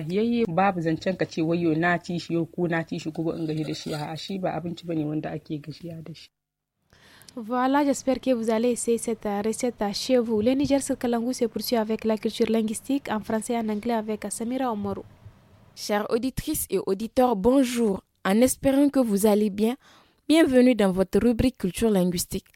S2: Voilà, j'espère que vous allez essayer cette euh, recette euh, chez vous. Le Niger Kalangou se poursuit avec la culture linguistique en français et en anglais avec euh, Samira Omoro.
S16: Chères auditrices et auditeurs, bonjour. En espérant que vous allez bien, bienvenue dans votre rubrique culture linguistique.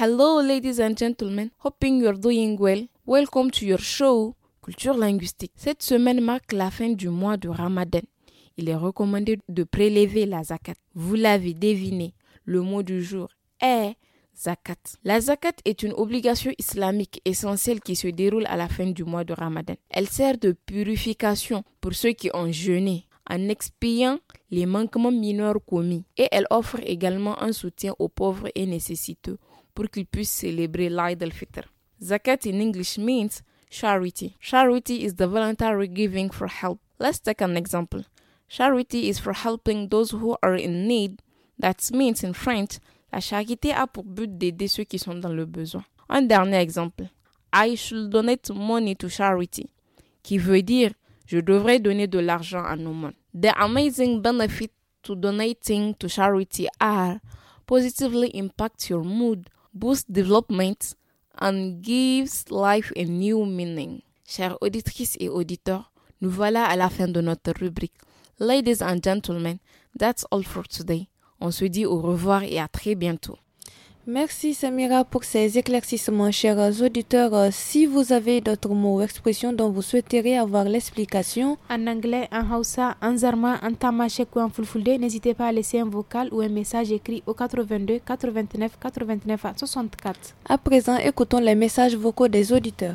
S16: Hello, ladies and gentlemen. Hoping you're doing well. Welcome to your show culture linguistique. Cette semaine marque la fin du mois de Ramadan. Il est recommandé de prélever la zakat. Vous l'avez deviné, le mot du jour est zakat. La zakat est une obligation islamique essentielle qui se déroule à la fin du mois de Ramadan. Elle sert de purification pour ceux qui ont jeûné en expiant les manquements mineurs commis et elle offre également un soutien aux pauvres et nécessiteux pour qu'ils puissent célébrer l'Aïd al-Fitr. Zakat in English means charity. Charity is the voluntary giving for help. Let's take an example. Charity is for helping those who are in need. That means in French, la charité a pour but d'aider ceux qui sont dans le besoin. Un dernier exemple. I should donate money to charity, qui veut dire je devrais donner de l'argent à nos The amazing benefits to donating to charity are positively impact your mood, boost development, and gives life a new meaning. Chères auditrices et auditeurs, nous voilà à la fin de notre rubrique. Ladies and gentlemen, that's all for today. On se dit au revoir et à très bientôt.
S1: Merci Samira pour ces éclaircissements, chers auditeurs. Euh, si vous avez d'autres mots ou expressions dont vous souhaiteriez avoir l'explication
S2: en anglais, en hausa, en zarma, en tamashek ou en fulfulde, n'hésitez pas à laisser un vocal ou un message écrit au 82 89 89 à 64.
S1: À présent, écoutons les messages vocaux des auditeurs.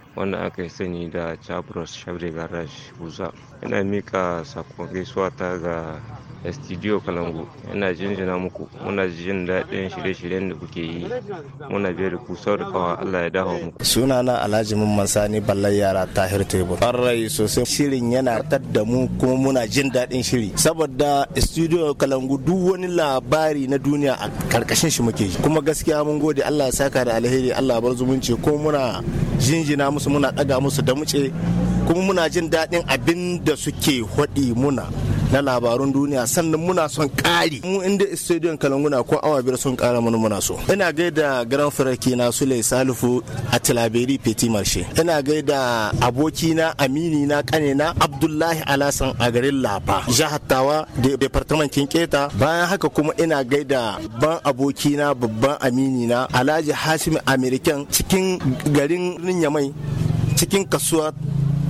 S6: wanda aka yi sani da Chabros Shabri Garage Buza. yana mika sakon gaisuwa ta ga studio kalangu ina jinjina muku muna jin daɗin shirye-shiryen da kuke yi muna biyar da ku sau da allah ya dawo muku
S17: sunana alhaji mamman sani ballar yara tahir tebur rai sosai shirin yana tar da mu kuma muna jin daɗin shiri saboda studio kalangu duk wani labari na duniya a karkashin shi muke yi kuma gaskiya mun gode allah ya saka da alheri allah bar zumunci ko muna jinjina musu muna ɗaga musu da muce kuma muna jin daɗin abin da suke haɗi muna na labarun duniya sannan muna son kari mu inda stadium kalanguna ko awa biyar sun kara mana muna so ina gaida garan faraki na sule salifu a tilaberi peti marshe ina gaida abokina amini na kanina abdullahi alasan a garin lafa jihar tawa da departamentin keta bayan haka kuma ina gaida ban abokina babban amini na alhaji hashim american cikin garin yamai cikin kasuwa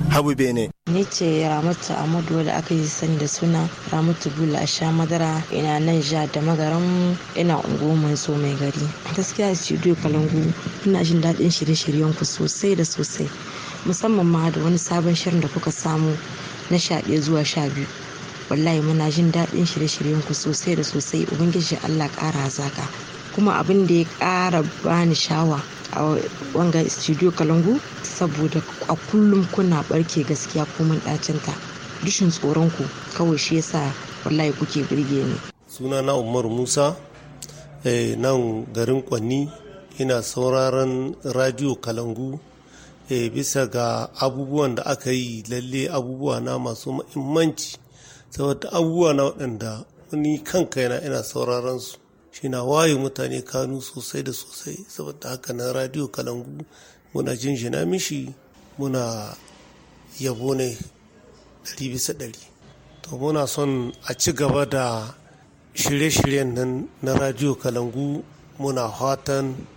S17: habu bene
S9: ni ce ramatu amadu wadda aka yi sani da suna ramatu bula a sha madara ina nan ja da magaran ina unguwar so mai gari gaskiya studio kalangu ina jin daɗin shirye-shiryen ku sosai da sosai musamman ma da wani sabon shirin da kuka samu na sha ɗaya zuwa sha biyu wallahi muna jin daɗin shirye-shiryen ku sosai da sosai ubangiji allah ƙara hazaka kuma abin da ya ƙara bani shawa a wanga studio kalangu saboda a kullum kuna barke gaskiya komin ɗacinta dushin tsoron ku kawai shi yasa wallahi kuke birge ni
S17: suna na umar musa eh, nan garin kwanni ina sauraron radio kalangu eh, bisa ga abubuwan da aka yi lalle abubuwa na masu mahimmanci saboda abubuwa na waɗanda wani kanka yana ina sauraron su shi na waye mutane kanu sosai da sosai saboda haka na radio kalangu muna jinjina mishi muna yabo ne ɗari bisa ɗari to muna son a ci gaba da shirye-shiryen nan na radio kalangu muna fatan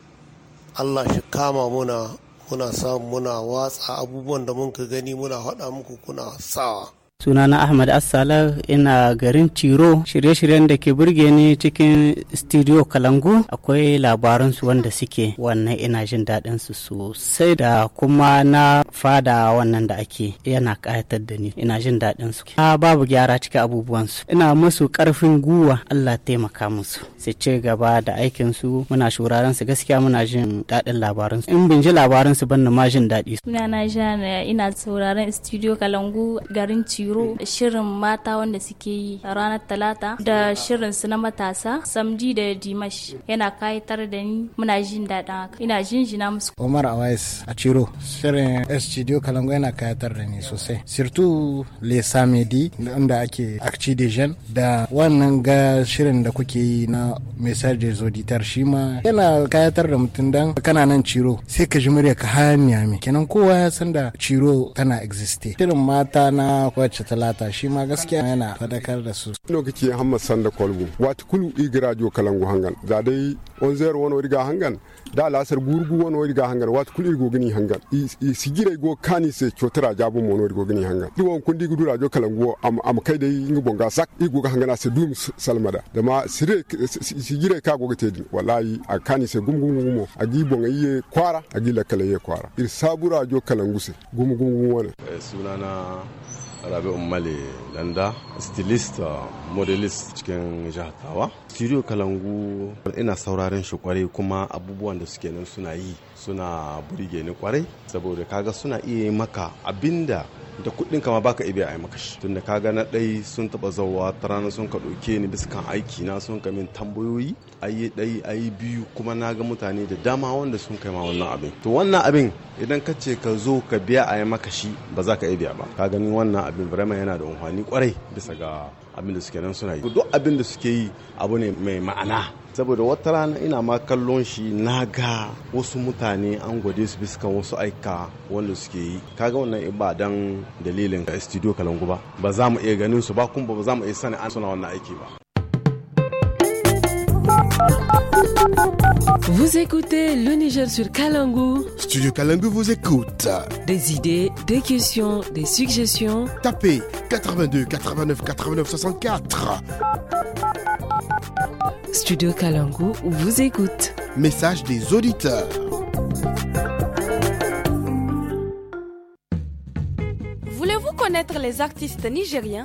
S17: allah shi kama muna muna samu muna watsa abubuwan da mun gani muna haɗa muku kuna sawa
S12: sunana ahmad assala ina garin ciro shirye-shiryen da ke burge ni cikin studio kalangu akwai labaransu wanda suke wannan ina jin daɗin su sosai da kuma na fada wannan da ake yana ƙayatar da ni ina jin daɗin su a babu gyara cikin abubuwan su ina musu ƙarfin guwa allah taimaka musu su ci gaba da aikin su muna shuraren su gaskiya muna jin daɗin labaran su in bin ji labaran su ban ma jin daɗi
S9: sunana jana ina sauraron studio kalangu garin ciro shiro shirin mata wanda suke yi a ranar talata da shirin su na matasa samji da dimash yana kayatar da ni muna jin daɗin haka ina jinjina musu
S10: omar awais a
S17: ciro shirin studio kalango yana kayatar da ni sosai sirtu le samedi inda ake akci de da wannan ga shirin da kuke yi na message zoditar shi ma yana kayatar da mutum dan kana nan ciro sai ka ji murya ka hanya mai kenan kowa ya san da ciro tana existe shirin mata na wace talata shi ma gaskiya yana fadakar da su
S18: lokaci hamad sanda kolbu wata kulu jo kalangu hangan da dai on zero wani wadiga ga hangan da lasar gurgu wani wadiga ga hangan wata kulu igo gini hangan sigira go kani se cotara jabu mo wani irgo gini hangan wani kundi gudu rajo kalangu am am kai dai ingi bonga sak igo ga hangana se dum salmada da ma sire gira ka go tedi wallahi a kani se gum gum gumo a gi bonga iye kwara a gi lakala iye kwara ir sabura jo kalangu se gum gum wani eh, sunana arabi male landa stylist uh, modelist cikin jihar tawa studio kalangu ina sauraron shi kwarai kuma abubuwan da suke nan suna yi suna burge ni kwarai saboda kaga suna iya yi maka abinda da kuɗin kama baka ibe a yi maka shi tunda kaga na ɗai sun taɓa zauwa ta rana sun ka ɗauke ni bisa aiki na sun ka min tambayoyi ayi ɗai ayi biyu kuma na ga mutane da dama wanda sun kai ma wannan abin to wannan abin idan ka ce ka zo ka biya a yi maka shi ba za ka biya ba ka gani wannan abin vraiment yana da umfani kwarai bisa ga abin da suke nan suna yi duk abin da suke yi abu ne mai ma'ana saboda wata rana ina ma kallon shi na ga wasu mutane an gwade su bisa wasu aika wanda suke yi kaga wannan ibadan dalilin studio kalangu ba ba za mu iya ganin su ba kuma ba za mu iya sani an suna wannan aiki ba
S16: Vous écoutez le Niger sur Kalangu.
S18: Studio Kalangu
S8: vous écoute.
S16: Des idées, des questions, des suggestions. Tapez 82
S8: 89 89 64. Studio
S17: Kalangu vous écoute. Message des auditeurs.
S1: Voulez-vous connaître les artistes nigériens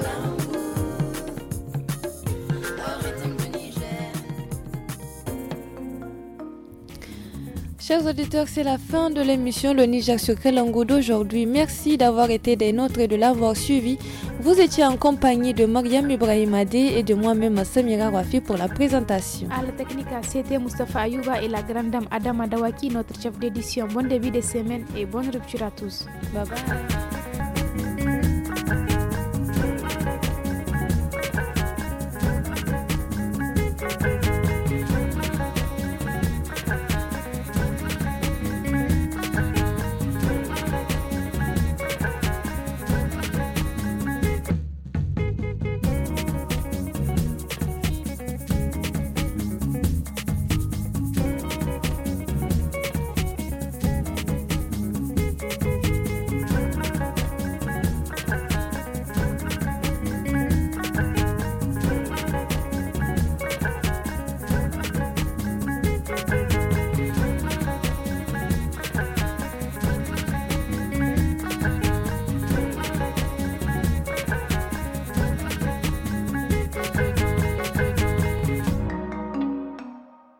S1: Chers auditeurs, c'est la fin de l'émission Le Niger Secret Lango d'aujourd'hui. Merci d'avoir été des nôtres et de l'avoir suivi. Vous étiez en compagnie de Mariam Ibrahimade et de moi-même Samira Wafi pour la présentation.
S2: À la technique, c'était Mustafa Ayouba et la grande dame Adam Adawaki, notre chef d'édition. Bon début de semaine et bonne rupture à tous. Bye bye.